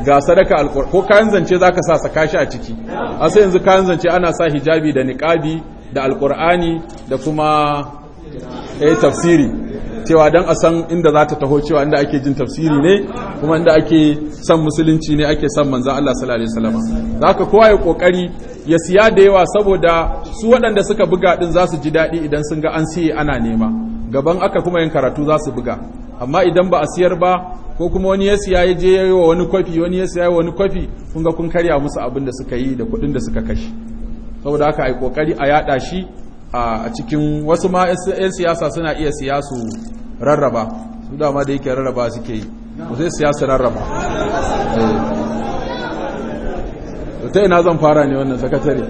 ga sadaka alƙur'ani ko kayan zance za ka sa saka shi a ciki a sai yanzu kayan zance ana sa hijabi da niƙabi da alƙur'ani da kuma eh tafsiri cewa don a san inda za ta taho cewa inda ake jin tafsiri ne kuma inda ake san musulunci ne ake san manzan Allah salari salama za ka kowa ya kokari ya siya da yawa saboda su waɗanda suka buga din za su ji daɗi idan sun ga an siye ana nema gaban aka kuma yin karatu za su buga amma idan ba a siyar ba ko kuma wani ya siya ya je ya yi wa wani kwafi wani ya siya ya wani kwafi kun ga kun karya musu abin da suka yi da kuɗin da suka kashe saboda haka a yi kokari a yaɗa shi a cikin wasu ma 'yan siyasa suna iya siyasu rarraba su dama da yake rarraba suke yi ba sai siyasu rarraba eh. ta ina zan fara ne wannan sakatare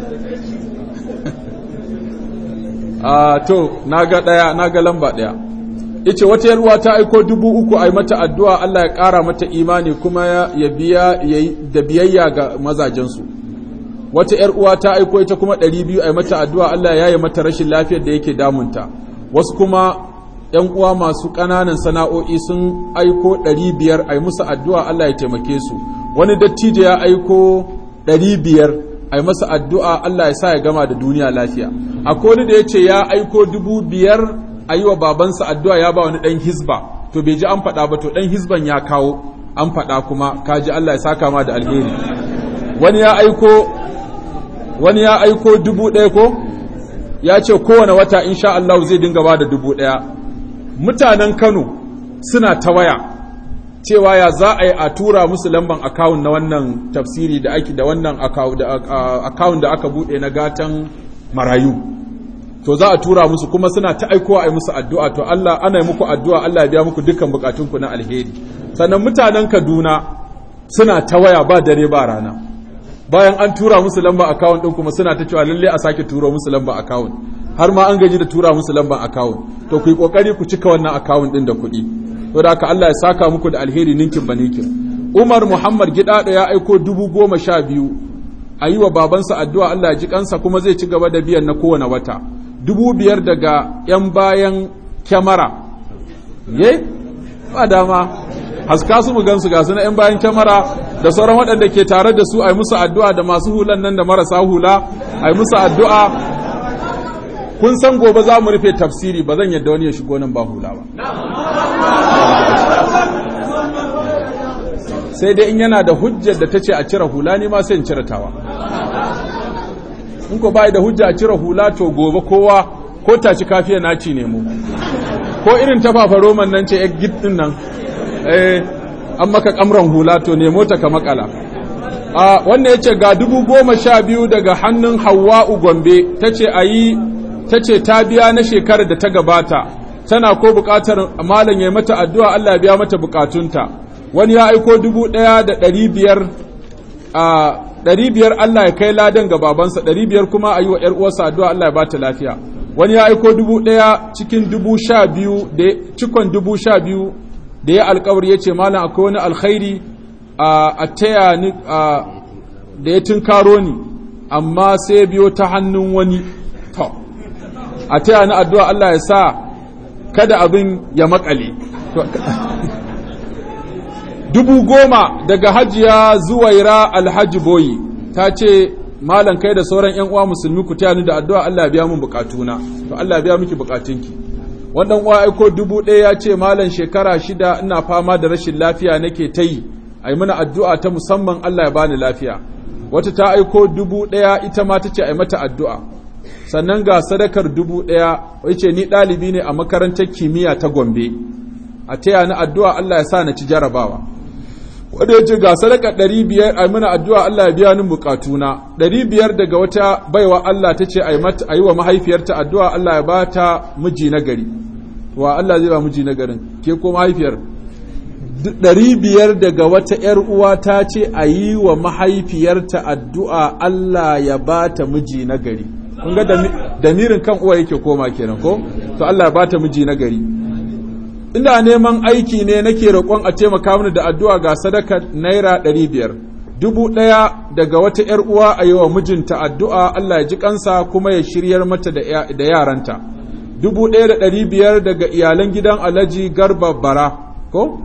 a to na ga daya na ga lamba daya ice wata yarwa ta aiko dubu uku a mata addu'a Allah ya ƙara mata imani kuma ya biya da biyayya ga mazajensu wata ‘yar uwa ta aiko ita kuma ɗari biyu a mata addu'a Allah ya yi mata rashin lafiyar da yake damunta wasu kuma ‘yan uwa masu kananan sana'o'i sun aiko ɗari biyar a musu addu'a Allah ya taimake su wani datti da ya aiko ɗari biyar a masa addu'a Allah ya sa ya gama da duniya lafiya a wani da ya ce ya aiko dubu biyar a yi wa babansa addu'a ya ba wani ɗan hisba to bai ji an faɗa ba to dan hisban ya kawo an faɗa kuma kaji Allah ya saka ma da alheri wani ya aiko wani ya aiko dubu ɗaya ko ya ce kowane wata insha Allah zai dinga ba da dubu ɗaya mutanen Kano suna ta waya cewa ya za a yi a tura musu lamban akawun na wannan tafsiri da ake da wannan akawun da aka buɗe na gatan marayu to za a tura musu kuma suna ta aiko a yi musu addu'a to Allah ana yi muku addu'a Allah ya biya muku dukkan bukatunku na alheri sannan mutanen Kaduna suna ta waya ba dare ba rana bayan an tura musu lamba account din kuma suna ta cewa lalle a sake tura musu lamba account har ma an gaji da tura musu lamba account to ku yi kokari ku cika wannan account din da kuɗi to da haka Allah ya saka muku da alheri ninkin ninkin. Umar Muhammad da ya aiko dubu goma sha biyu a yi wa babansa addu'a Allah ji kansa kuma zai ci gaba da biyan na kowane wata dubu biyar daga ‘yan bayan kyamara ye ba dama haska su mu gansu ga na 'yan bayan kyamara da sauran waɗanda ke tare da su a yi musu addu'a da masu hulan nan da marasa hula a yi musu addu'a kun san gobe za mu rufe tafsiri ba zan yadda wani ya shigo nan ba hula ba sai dai in yana da hujjar da ta ce a cire hula ne ma sai in cire tawa in ko bai da hujja a cire hula to gobe kowa ko tashi kafiya naci ne mu ko irin tafafa roman nan ce ya gid nan Eh, an maka kamran hula to nemo ta ka makala a wannan yace ga dubu goma sha biyu daga hannun Hawwa'u Gombe tace ayi tace ta biya na shekarar da ta gabata tana ko bukatar malam yayi mata addu'a Allah ya biya mata bukatunta wani ya aiko dubu ɗaya da ɗari biyar a 500 Allah ya kai ladan ga babansa ɗari biyar kuma a yi wa uwarsa addu'a Allah ya ba ta lafiya wani ya aiko dubu ɗaya cikin 12 da cikon dubu sha biyu da ya alkawari ya ce malam akwai wani alkhairi a taya ni da ya tunkaro ni amma sai biyo ta hannun wani to a taya ni addu'a Allah ya sa kada abin ya makale dubu goma daga hajiya zuwaira alhaji boyi ta ce malam kai da sauran 'yan uwa musulmi ku taya ni da addu'a Allah ya biya mun bukatuna to Allah ya biya miki bukatunki wannan uwa aiko dubu ɗaya ya ce malam shekara shida ina fama da rashin lafiya nake ta yi a mana addu'a ta musamman Allah ya bani lafiya wata ta aiko dubu ɗaya ita ma ta ce a yi mata addu'a sannan ga sadakar dubu ɗaya ce ni ɗalibi ne a makarantar kimiyya ta gombe a taya na addu'a Allah ya sa na ci jarabawa wanda ya ce ga sadaka ɗari biyar a mana addu'a Allah ya biya ni bukatuna ɗari biyar daga wata baiwa Allah ta ce a yi wa mahaifiyarta addu'a Allah ya ba ta miji na gari wa Allah zai ba miji na garin ke ko mahaifiyar ɗari biyar daga wata ‘yar uwa ta ce a yi wa mahaifiyarta addu'a Allah ya ba ta miji na gari kun ga damirin kan uwa yake koma kenan ko to Allah ya ba ta miji na gari ina neman aiki ne nake roƙon a taimaka mini da addu'a ga sadakar naira ɗari biyar dubu ɗaya daga wata ‘yar uwa a yi wa mijinta addu'a Allah ya ji kansa kuma ya shiryar mata da yaranta dubu ɗaya daga iyalan gidan alhaji garba bara ko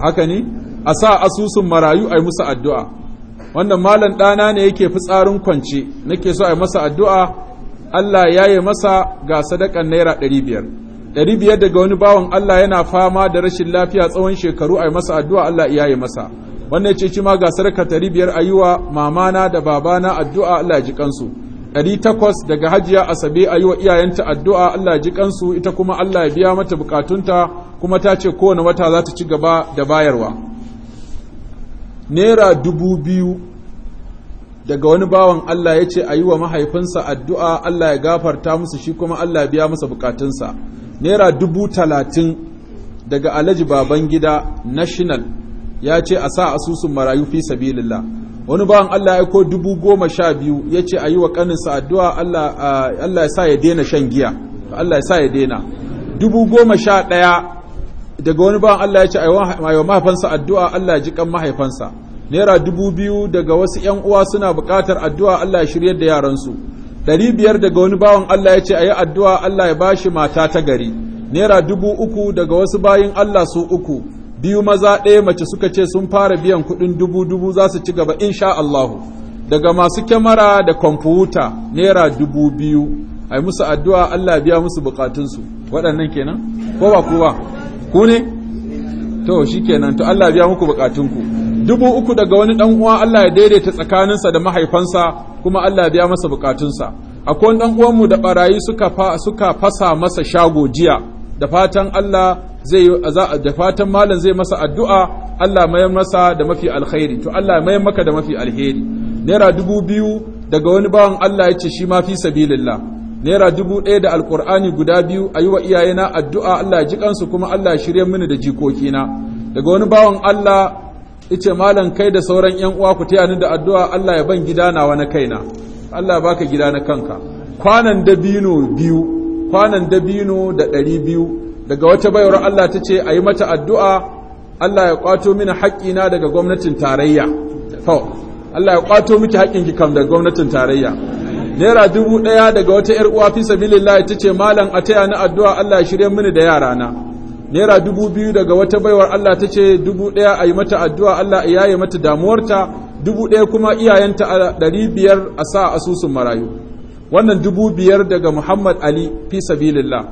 haka ni a sa asusun marayu a yi musu addu'a wannan malam ɗana ne yake fitsarin kwance nake so a yi masa addu'a Allah ya yi masa ga sadakan naira ɗari biyar ɗari biyar daga wani bawan Allah yana fama da rashin lafiya tsawon shekaru a yi masa addu'a Allah iya yi masa wannan ce shi ma ga sarka ɗari biyar a yi wa mamana da babana addu'a Allah ji kansu ɗari takwas daga hajiya asabe a yi wa iyayenta addu'a Allah ji kansu ita kuma Allah ya biya mata bukatunta kuma ta ce kowane wata za ta ci gaba da bayarwa naira dubu biyu daga wani bawan Allah ya ce a yi wa mahaifinsa addu'a Allah ya gafarta musu shi kuma Allah ya biya masa bukatunsa naira dubu talatin daga alhaji baban gida national ya ce a sa asusun marayu fi sabilillah wani bawan Allah ya ko dubu goma sha biyu ya ce a yi wa kaninsa addu'a Allah ya sa ya daina shan giya Allah ya sa ya daina dubu goma sha ɗaya daga wani bawan Allah ya ce a yi wa mahaifansa addu'a Allah ya ji kan mahaifansa naira dubu biyu daga wasu ‘yan uwa suna buƙatar addu'a Allah ya shiryar da yaransu ɗari biyar daga wani bawan Allah ya ce a yi addu'a Allah ya bashi mata ta gari naira dubu uku daga wasu bayin Allah su uku biyu maza ɗaya mace suka ce sun fara biyan kuɗin dubu dubu za su ci gaba insha Allahu daga masu kyamara da kwamfuta naira dubu biyu a yi musu addu'a Allah biya musu bukatunsu waɗannan kenan ko ba kuwa ku ne to shi kenan to Allah biya muku bukatunku dubu uku daga wani ɗan uwa Allah ya daidaita tsakaninsa da mahaifansa kuma Allah ya biya masa bukatunsa akwai dan uwanmu da barayi suka fa suka fasa masa shago jiya da fatan Allah zai da fatan malam zai masa addu'a Allah mai masa da mafi alkhairi to Allah mai maka da mafi alheri naira dubu biyu daga wani bawan Allah ya ce shi ma fi sabilillah naira dubu ɗaya da alkur'ani guda biyu a yi wa iyayena addu'a Allah ya ji kansu kuma Allah ya shirye mini da jikokina daga wani bawan Allah ice malam kai da sauran yan uwa ku taya ni da addu'a Allah ya ban gida nawa na kaina Allah ya baka gida na kanka kwanan dabino biyu kwanan dabino da ɗari daga wata bayar Allah ta ce a mata addu'a Allah ya kwato mini na daga gwamnatin tarayya to Allah ya kwato miki haƙƙinki kam daga gwamnatin tarayya naira dubu ɗaya daga wata ‘yar uwa fi sabilillah ta ce malam a taya ni addu'a Allah ya shirye mini da na naira dubu biyu daga wata baiwar Allah ta ce dubu ɗaya a yi mata addu'a Allah ya yi mata damuwarta dubu ɗaya kuma iyayenta a ɗari biyar a sa asusun marayu wannan dubu biyar daga Muhammad Ali fi sabilillah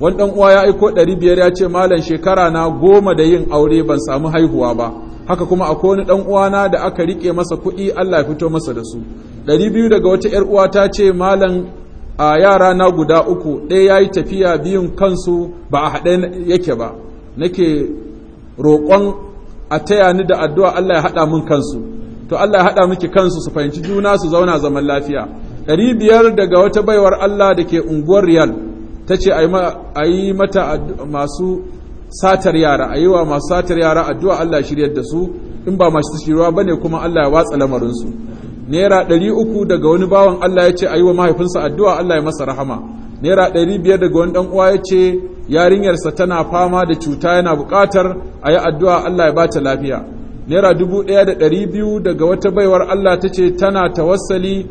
wani ɗan uwa ya aiko ɗari biyar ya ce malam shekara na goma da yin aure ban samu haihuwa ba haka kuma akwai wani ɗan na da aka riƙe masa kuɗi Allah ya fito masa da su ɗari biyu daga wata ‘yar uwa ta ce malam a yara na guda uku ɗaya ya yi tafiya biyun kansu ba a haɗe yake ba nake roƙon a taya ni da addu'a Allah ya haɗa min kansu to Allah ya haɗa miki kansu su fahimci juna su zauna zaman lafiya ɗari biyar daga wata baiwar Allah da ke unguwar riyal ta ce a yi mata masu satar yara a yi wa masu satar yara addu'a Allah shiryar da su in ba masu shirwa ba ne kuma Allah ya watsa lamarinsu naira ɗari uku daga wani bawan Allah ya ce a yi wa mahaifinsa addu'a Allah ya masa rahama naira ɗari biyar daga wani ɗan'uwa ya ce yarinyarsa tana fama da cuta yana buƙatar a yi addu'a Allah ya bata lafiya naira dubu ɗaya da ɗari biyu daga wata baiwar Allah ta ce tana tawassali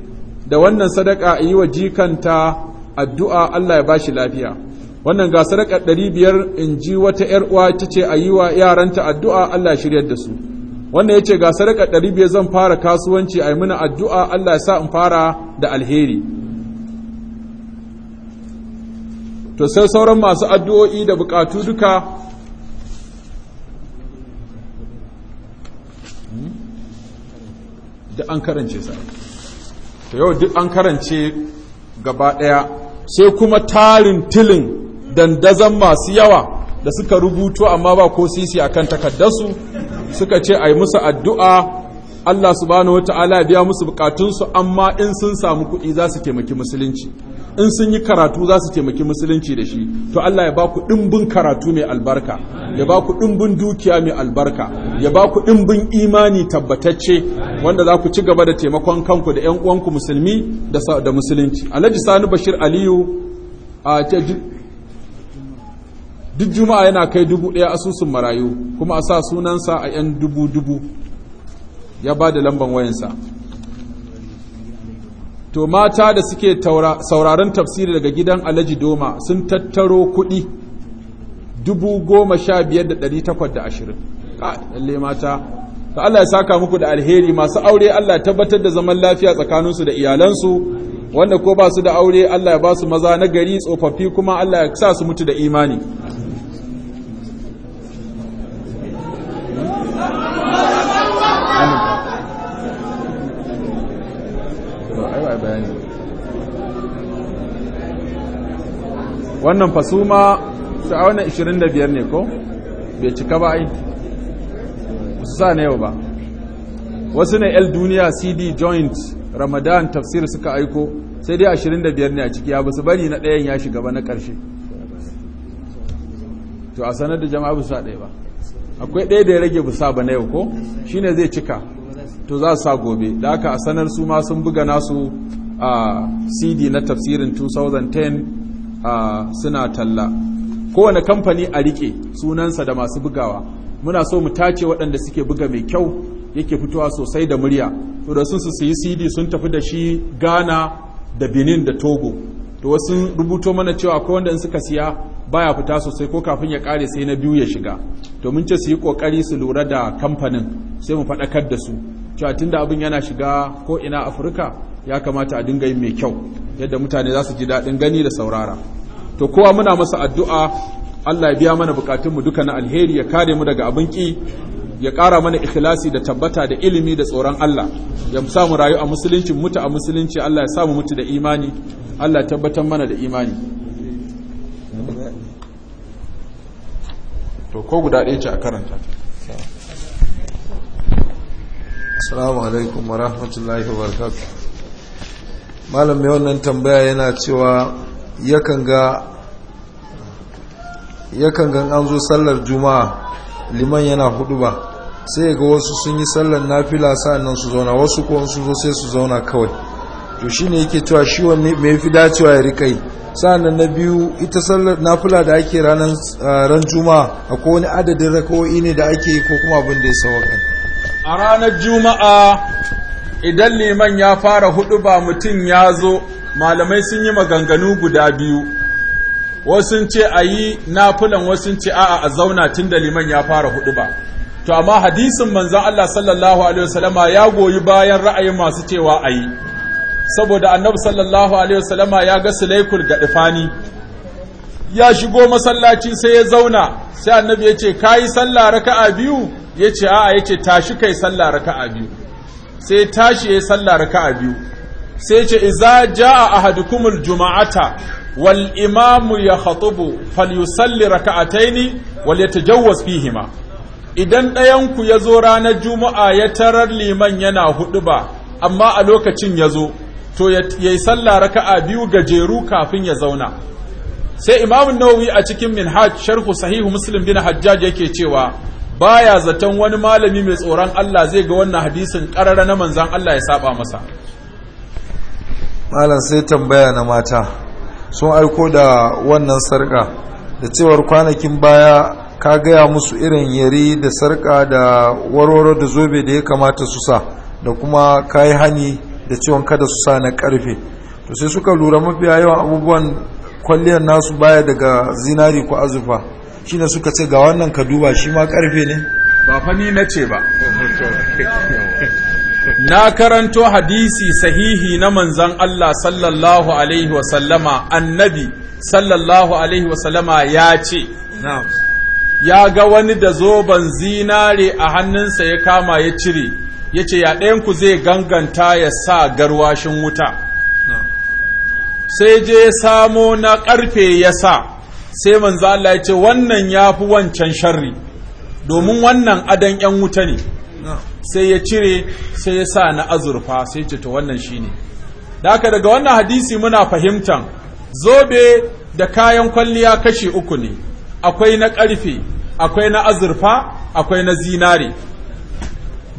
da wannan sadaka a yi wa jikanta addu'a Allah ya ba shi lafiya wannan ga sadaka ɗari biyar in ji wata ‘yar'uwa ta ce a yi wa yaranta addu'a Allah ya shiryar da su wanda ya ce ga sadaka ɗari biyar zan fara kasuwanci a yi mini addu'a Allah ya sa in fara da alheri to sai sauran masu addu'o'i da bukatu duka hmm? duk an karance sa to yau duk an karance gaba ɗaya sai kuma tarin tilin dandazan masu yawa da suka rubuto amma ba ko sisi akan takaddasu suka ce ai musu addu'a Allah subhanahu wataala biya musu bukatunsu amma in sun samu kuɗi za su taimaki musulunci in sun yi karatu za su taimaki musulunci da shi to Allah ya ba ku ɗimbin karatu mai albarka ya ba ku ɗimbin dukiya mai albarka ya ba ku ɗimbin imani tabbatacce wanda za ku ci gaba da taimakon kanku da 'yan uwanku musulmi da musulunci alhaji sani bashir aliyu a duk juma'a yana kai dubu ɗaya asusun marayu kuma a sa sunansa a 'yan dubu-dubu ya ba da lamban wayansa to mata da suke sauraron tafsiri daga gidan alhaji doma sun tattaro kuɗi dubu goma sha biyar da ɗari takwas da ashirin lalle mata ta Allah ya saka muku da alheri masu aure Allah ya tabbatar da zaman lafiya tsakaninsu da iyalansu wanda ko ba su da aure Allah ya ba su maza na gari tsofaffi kuma Allah ya sa su mutu da imani wannan fasuma sa'awunan 25 ne ko bai cika ba ai su sa na yau ba wasu ne el duniya cd joint ramadan tafsir suka aiko sai dai 25 ne a ciki ya basu bari na ɗayan ya shiga ba na ƙarshe to a sanar da jama'a busa ɗaya ba akwai ɗaya da ya rage busa ba na yau ko shi ne zai cika to za su sa gobe da aka a sanar su ma sun buga nasu a ah, cd na tafsirin 2010 suna talla kowane kamfani a rike sunansa da masu bugawa muna so mu tace waɗanda suke buga mai kyau yake fitowa sosai da murya to da sun su yi cd sun tafi da shi ghana da benin da togo to wasu rubuto mana cewa ko wanda in suka siya baya fita sosai ko kafin ya kare sai na biyu ya shiga to mun ce su yi kokari su lura da kamfanin sai mu faɗakar da su cewa tunda abin yana shiga ko ina afirka ya kamata a dinga yin mai kyau yadda mutane za su ji daɗin gani da saurara to kowa muna masa addu'a Allah ya biya mana bukatunmu duka na alheri ya kare mu daga abin ki ya ƙara mana ikhlasi da tabbata da ilimi da tsoron Allah ya sa mu rayu a musulunci mutu a musulunci Allah ya sa mu mutu da imani Allah ya tabbatar mana da imani to ko guda ɗaya ce a karanta Assalamu alaikum wa rahmatullahi wa barakatuh malam mai wannan tambaya yana cewa yakan ga an zo sallar juma'a liman yana hudu ba sai ga wasu sun yi sallar nafila sa'annan su zauna wasu ko sun zo sai su zauna kawai to shi ne yake cewa shi wani mai fi dacewa ya rikai yi sa'annan na biyu ita sallar nafila da ake ranar ran juma'a akwai wani adadin rakawoyi ne da ake yi ko kuma abin da ya sawa kan a ranar juma'a idan liman ya fara hudu ba mutum ya zo malamai sun yi maganganu guda biyu wasu ce a yi nafilan wasu ce a'a a zauna tun da liman ya fara hudu ba to amma hadisin manzan Allah sallallahu alaihi wasallama ya goyi bayan ra'ayin masu cewa a yi saboda annabi sallallahu alaihi wasallama ya ga sulaikul ga ɗifani ya shigo masallaci sai ya zauna sai annabi ya ce kayi sallah raka'a biyu ya ce a'a ya ce tashi kai sallah raka'a biyu sai tashi ya sallah raka'a biyu sai ce iza jaa ahadukumul juma'ata wal imamu ya khatubu falyusalli raka'ataini wal ya yatajawwaz fihima idan ɗayan ku zo ranar juma'a ya tarar liman yana ba, amma a lokacin ya zo, to yayi sallah raka'a biyu gajeru kafin ya zauna sai imamun nawawi a cikin minhaj sharhu sahihu muslim bin hajjaj yake cewa baya zaton wani malami mai tsoron Allah zai ga wannan hadisin karara na manzan Allah ya saba masa malam sai tambaya na mata sun aiko da wannan sarka da cewar kwanakin baya ka gaya musu irin yari da sarka da warwaro da zobe da ya kamata su sa da kuma kayi hani da ciwon kada su sa na karfe to sai suka lura mafiya yawan abubuwan kwalliyar nasu baya daga zinari ko azufa shi ne suka ce ga wannan ka duba shi ma karfe ne ba fa ni na ce ba na karanto hadisi sahihi na manzan Allah sallallahu alaihi wasallama annabi sallallahu alaihi wasallama ya ce ya ga wani da zoben zinare a hannunsa ya kama ya cire ya ce ya ɗayanku zai ganganta ya sa garwashin wuta sai je samo na ƙarfe ya sa sai manzo Allah ya ce wannan fi wancan sharri domin wannan adan yan wuta ne sai ya cire sai ya sa na azurfa sai ce to wannan shine da haka daga wannan hadisi muna fahimtan zobe da kayan kwalliya kashi uku ne akwai na ƙarfe akwai na azurfa akwai na zinare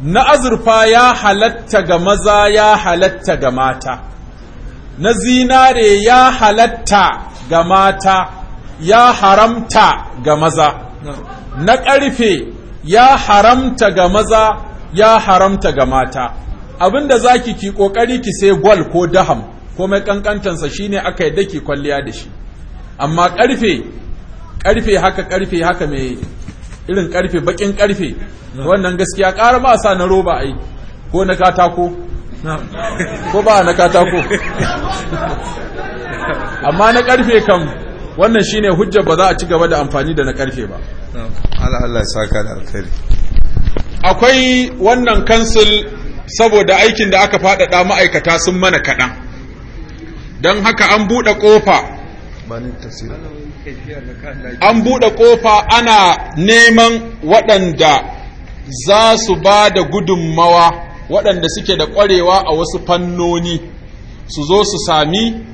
na azurfa ya halatta ga maza ya halatta ga mata na zinare ya halatta ga mata ya haramta ga maza na ƙarfe ya haramta ga maza ya haramta ga mata abinda za ki ki ƙoƙari ki sai gwal ko daham ko mai shi ne aka yi daki kwalliya da shi amma ƙarfe ƙarfe haka ƙarfe haka mai irin ƙarfe baƙin ƙarfe wannan gaskiya ƙara ba sa na roba ai ko na katako ko ba na katako amma na ƙarfe kam wannan shine hujjar ba za a ci gaba da amfani da na karfe ba Allah Allah saka da alkhairi akwai wannan kansil saboda aikin da aka faɗaɗa ma'aikata sun mana kaɗan don haka an buɗe ƙofa an buɗe ƙofa ana neman waɗanda za su ba da gudunmawa waɗanda suke da ƙwarewa a wasu fannoni su zo su sami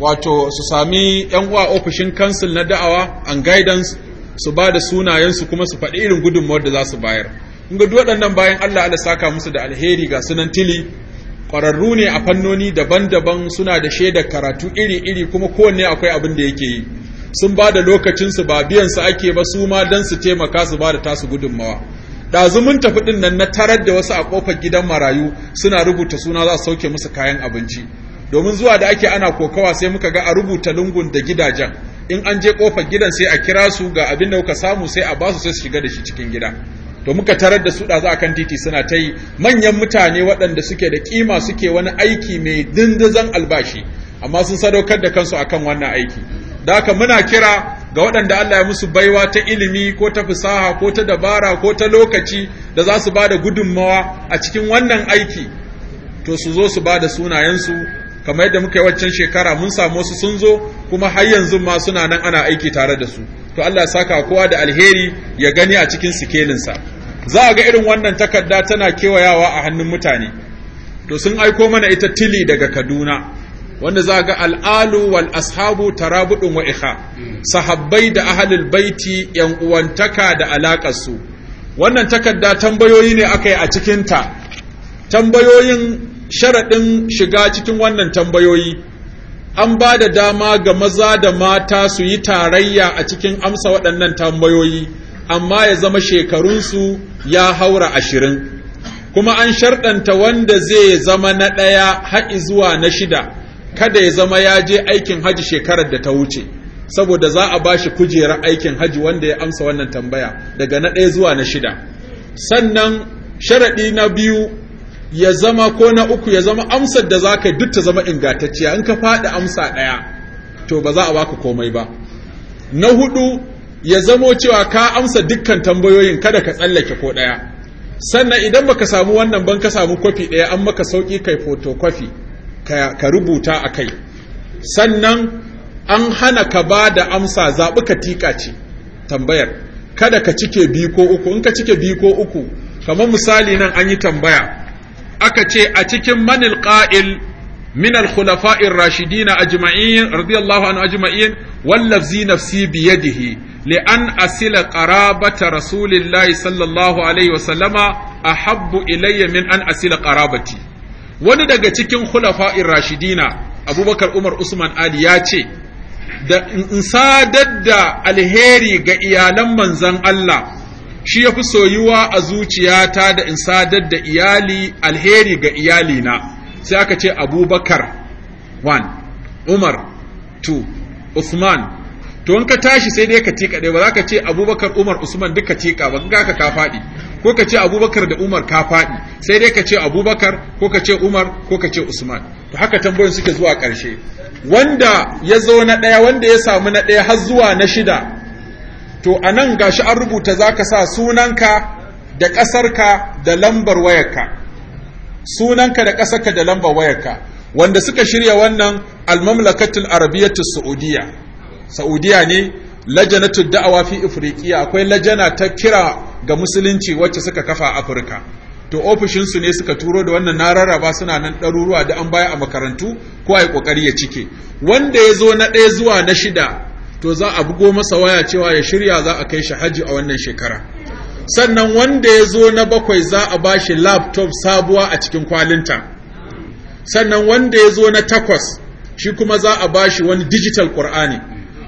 wato su sami yan uwa ofishin council na da'awa and guidance su ba da sunayensu kuma su faɗi irin gudunmawar da za su bayar in ga waɗannan bayan Allah Allah saka musu da alheri ga sunan tili ƙwararru ne a fannoni daban-daban suna da shaida karatu iri-iri kuma kowanne akwai abin da yake yi sun ba da lokacinsu ba biyan su ake ba su ma don su taimaka su ba da tasu gudunmawa ɗazumin tafi ɗin nan na tarar da wasu a ƙofar gidan marayu suna rubuta suna za su sauke musu kayan abinci domin zuwa da ake ana kokawa sai muka ga a rubuta lungun da gidajen in an je kofar gidan sai a kira su ga abin da kuka samu sai a ba su sai su shiga da shi cikin gida to muka tarar da su ɗazu a kan titi suna ta yi manyan mutane waɗanda suke da kima suke wani aiki mai dindizan albashi amma sun sadaukar da kansu akan wannan aiki da haka muna kira ga waɗanda Allah ya musu baiwa ta ilimi ko ta fasaha ko ta dabara ko ta lokaci da za su ba da gudunmawa a cikin wannan aiki to su zo su ba da sunayensu kamar yadda muka yi waccan shekara mun samu wasu sun zo kuma har yanzu ma suna nan ana aiki tare da su to Allah ya saka kowa da alheri ya gani a cikin sikelinsa za a ga irin wannan takarda tana kewayawa a hannun mutane to sun aiko mana ita tili daga Kaduna wanda za ga al'alu wal ashabu tarabudun wa ikha sahabbai da ahlul baiti yan uwantaka da alakar su wannan takarda tambayoyi ne akai a cikin ta tambayoyin sharaɗin shiga cikin wannan tambayoyi an ba da dama ga maza da mata su yi tarayya a cikin amsa waɗannan tambayoyi amma ya zama shekarunsu ya haura ashirin kuma an sharɗanta wanda zai zama na ɗaya haɗi zuwa na shida kada ya zama ya je aikin haji shekarar da ta wuce saboda za a ba shi kujerar aikin haji wanda ya amsa wannan tambaya daga na ɗaya zuwa na shida sannan sharaɗi na biyu ya zama ko na uku ya zama amsar da zaka duk ta zama ingantacciya in ka faɗi amsa ɗaya to ba za a baka komai ba na hudu ya zamo cewa ka amsa dukkan tambayoyin kada ka tsallake ko ɗaya sannan idan baka samu wannan ban ka samu kwafi ɗaya an maka sauki kai photocopy ka rubuta a kai sannan an hana ka ba da amsa zaɓi ka tika ce tambayar kada ka cike biyu ko uku in ka cike biyu ko uku kamar misali nan an yi tambaya aka ce a cikin manil qa'il min al-khulafa'ir rashidin ajma'in radiyallahu anhu ajma'in wallazi nafsi bi yadihi an asila karabata rasulillahi sallallahu alaihi wa sallama habbu ilayya min an asila qarabati wani daga cikin khulafa'ir rashidina abubakar umar usman ali ya ce da in sadar da alheri ga iyalan manzon Allah shi ya fi soyuwa a zuciyata da in sadar da iyali alheri ga iyalina sai aka ce abubakar 1 umar 2 usman to in ka tashi sai dai ka tika ɗaya ba za ka ce abubakar umar usman duk ka tika ba ga ka ka faɗi ko ka ce abubakar da umar ka faɗi sai dai ka ce abubakar ko ka ce umar ko ka ce usman to haka tambayoyin suke zuwa ƙarshe wanda ya zo na ɗaya wanda ya samu na ɗaya har zuwa na shida to a nan gashi an rubuta za ka sa sunanka da ƙasarka da lambar wayarka sunanka da ƙasarka da lambar wayarka wanda suka shirya wannan almamlakatul arabiyyatu saudiya saudiya ne lajanatul da'awa fi ifriqiya akwai lajana ta kira ga musulunci wacce suka kafa a afirka to ofishinsu ne suka turo da wannan na rarraba suna nan ɗaruruwa da an baya a makarantu ko a yi ƙoƙari ya cike wanda ya zo na ɗaya zuwa na shida to za a bugo masa waya cewa ya shirya za a kai shi haji a wannan shekara sannan wanda ya zo na bakwai za a ba shi laptop sabuwa a cikin kwalinta sannan wanda ya zo na takwas shi kuma za a ba shi wani digital ƙur'ani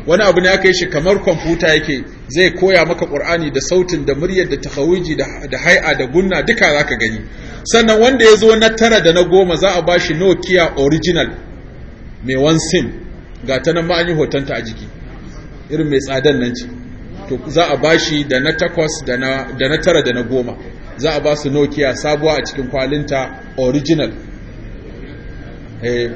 wani abu ne aka yi shi kamar kwamfuta yake zai koya maka ƙur'ani da sautin da muryar da tahawiji da hai'a da gunna duka za ka gani sannan wanda ya zo na tara da na goma za a ba shi nokia original mai one sim ga ta nan ma an yi hotonta a jiki irin mai tsadan nan ce to za a bashi da na takwas da na tara da na goma za a ba su nokia sabuwa a cikin kwalinta original eh,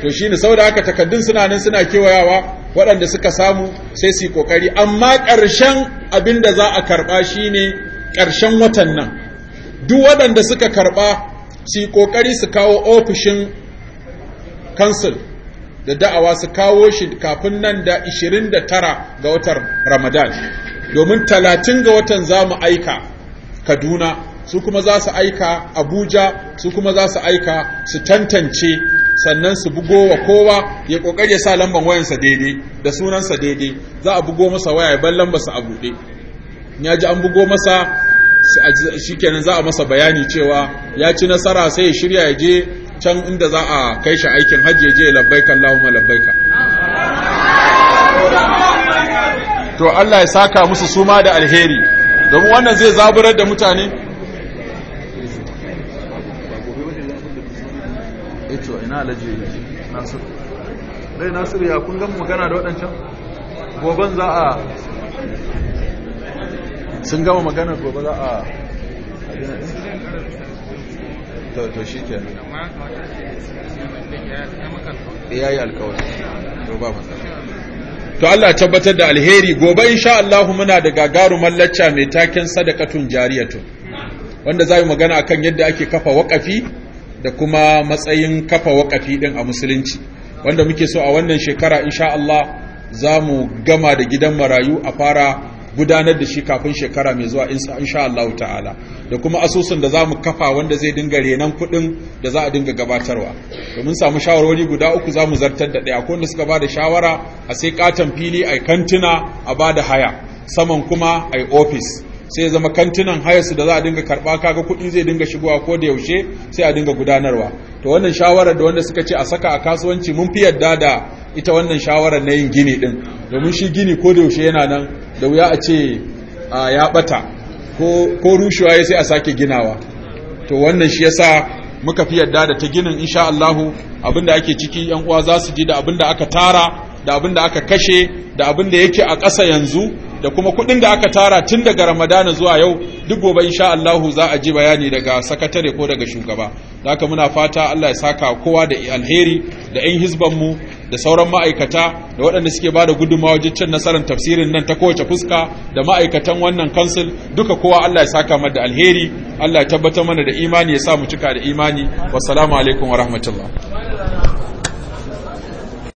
to shi ne sau da aka takaddun suna nan suna kewayawa waɗanda suka samu sai su yi ƙoƙari amma ƙarshen abin da za a karɓa shi ne ƙarshen watan nan duk waɗanda suka karɓa su yi ƙoƙari su kawo ofishin kansil da da'awa su kawo shi kafin nan da 29 ga watan Ramadan domin 30 ga watan za mu aika Kaduna su kuma za su aika Abuja su kuma za su aika su tantance sannan su bugo wa kowa ya kokari ya sa lamban wayansa daidai da sunansa daidai za a bugo masa waya ya bar lambar sa a bude ya ji an bugo masa shikenan za a masa bayani cewa ya ci nasara sai ya shirya ya je can inda za a kai shi aikin hajji je labbaika Allahumma labbaika to Allah ya saka musu suma da alheri domin wannan zai zaburar da mutane eto eh, ina alaji nasir dai nasir ya kun ga magana da waɗancan goban za a sun gama magana gobe za a to shi ke ya yi to ba matsala to Allah tabbatar da alheri gobe insha Allah muna da gagarumar lacca mai taken sadakatun jariyatu wanda za mu magana akan yadda ake kafa waƙafi da kuma matsayin kafa wakafi din a musulunci wanda muke so a wannan shekara insha Allah za mu gama da gidan marayu a fara gudanar da shi kafin shekara mai zuwa insha Allah ta'ala da kuma asusun da za mu kafa wanda zai dinga renan kuɗin da za a dinga gabatarwa domin samu shawarwari guda uku za mu zartar da ɗaya wanda suka ba da shawara a sai katon fili a kantina a ba da haya saman kuma a ofis sai zama kantinan su da za a dinga karɓa kaga kuɗi zai dinga shigowa ko da yaushe sai a dinga gudanarwa to wannan shawarar da wanda suka ce a saka a kasuwanci mun fi yadda da ita wannan shawarar na yin gini din domin shi gini ko da yaushe yana nan da wuya a ce ya bata ko rushewa ya sai a sake ginawa to wannan shi yasa muka fi yadda da ta ginin insha Allah abinda ake ciki yan uwa za su ji da abinda aka tara da abinda aka kashe da abinda yake a ƙasa yanzu da kuma kuɗin da aka tara tun daga ramadana zuwa yau duk gobe insha Allahu za a ji bayani daga sakatare ko daga shugaba haka muna fata Allah ya saka kowa da alheri da ƴan mu da sauran ma'aikata da waɗanda suke ba da gudunmawa wajen cin nasarar tafsirin nan ta kowace fuska da ma'aikatan wannan kansil duka kowa Allah ya saka mana da alheri Allah ya tabbatar mana da imani ya sa mu cika da imani wassalamu alaikum wa rahmatullah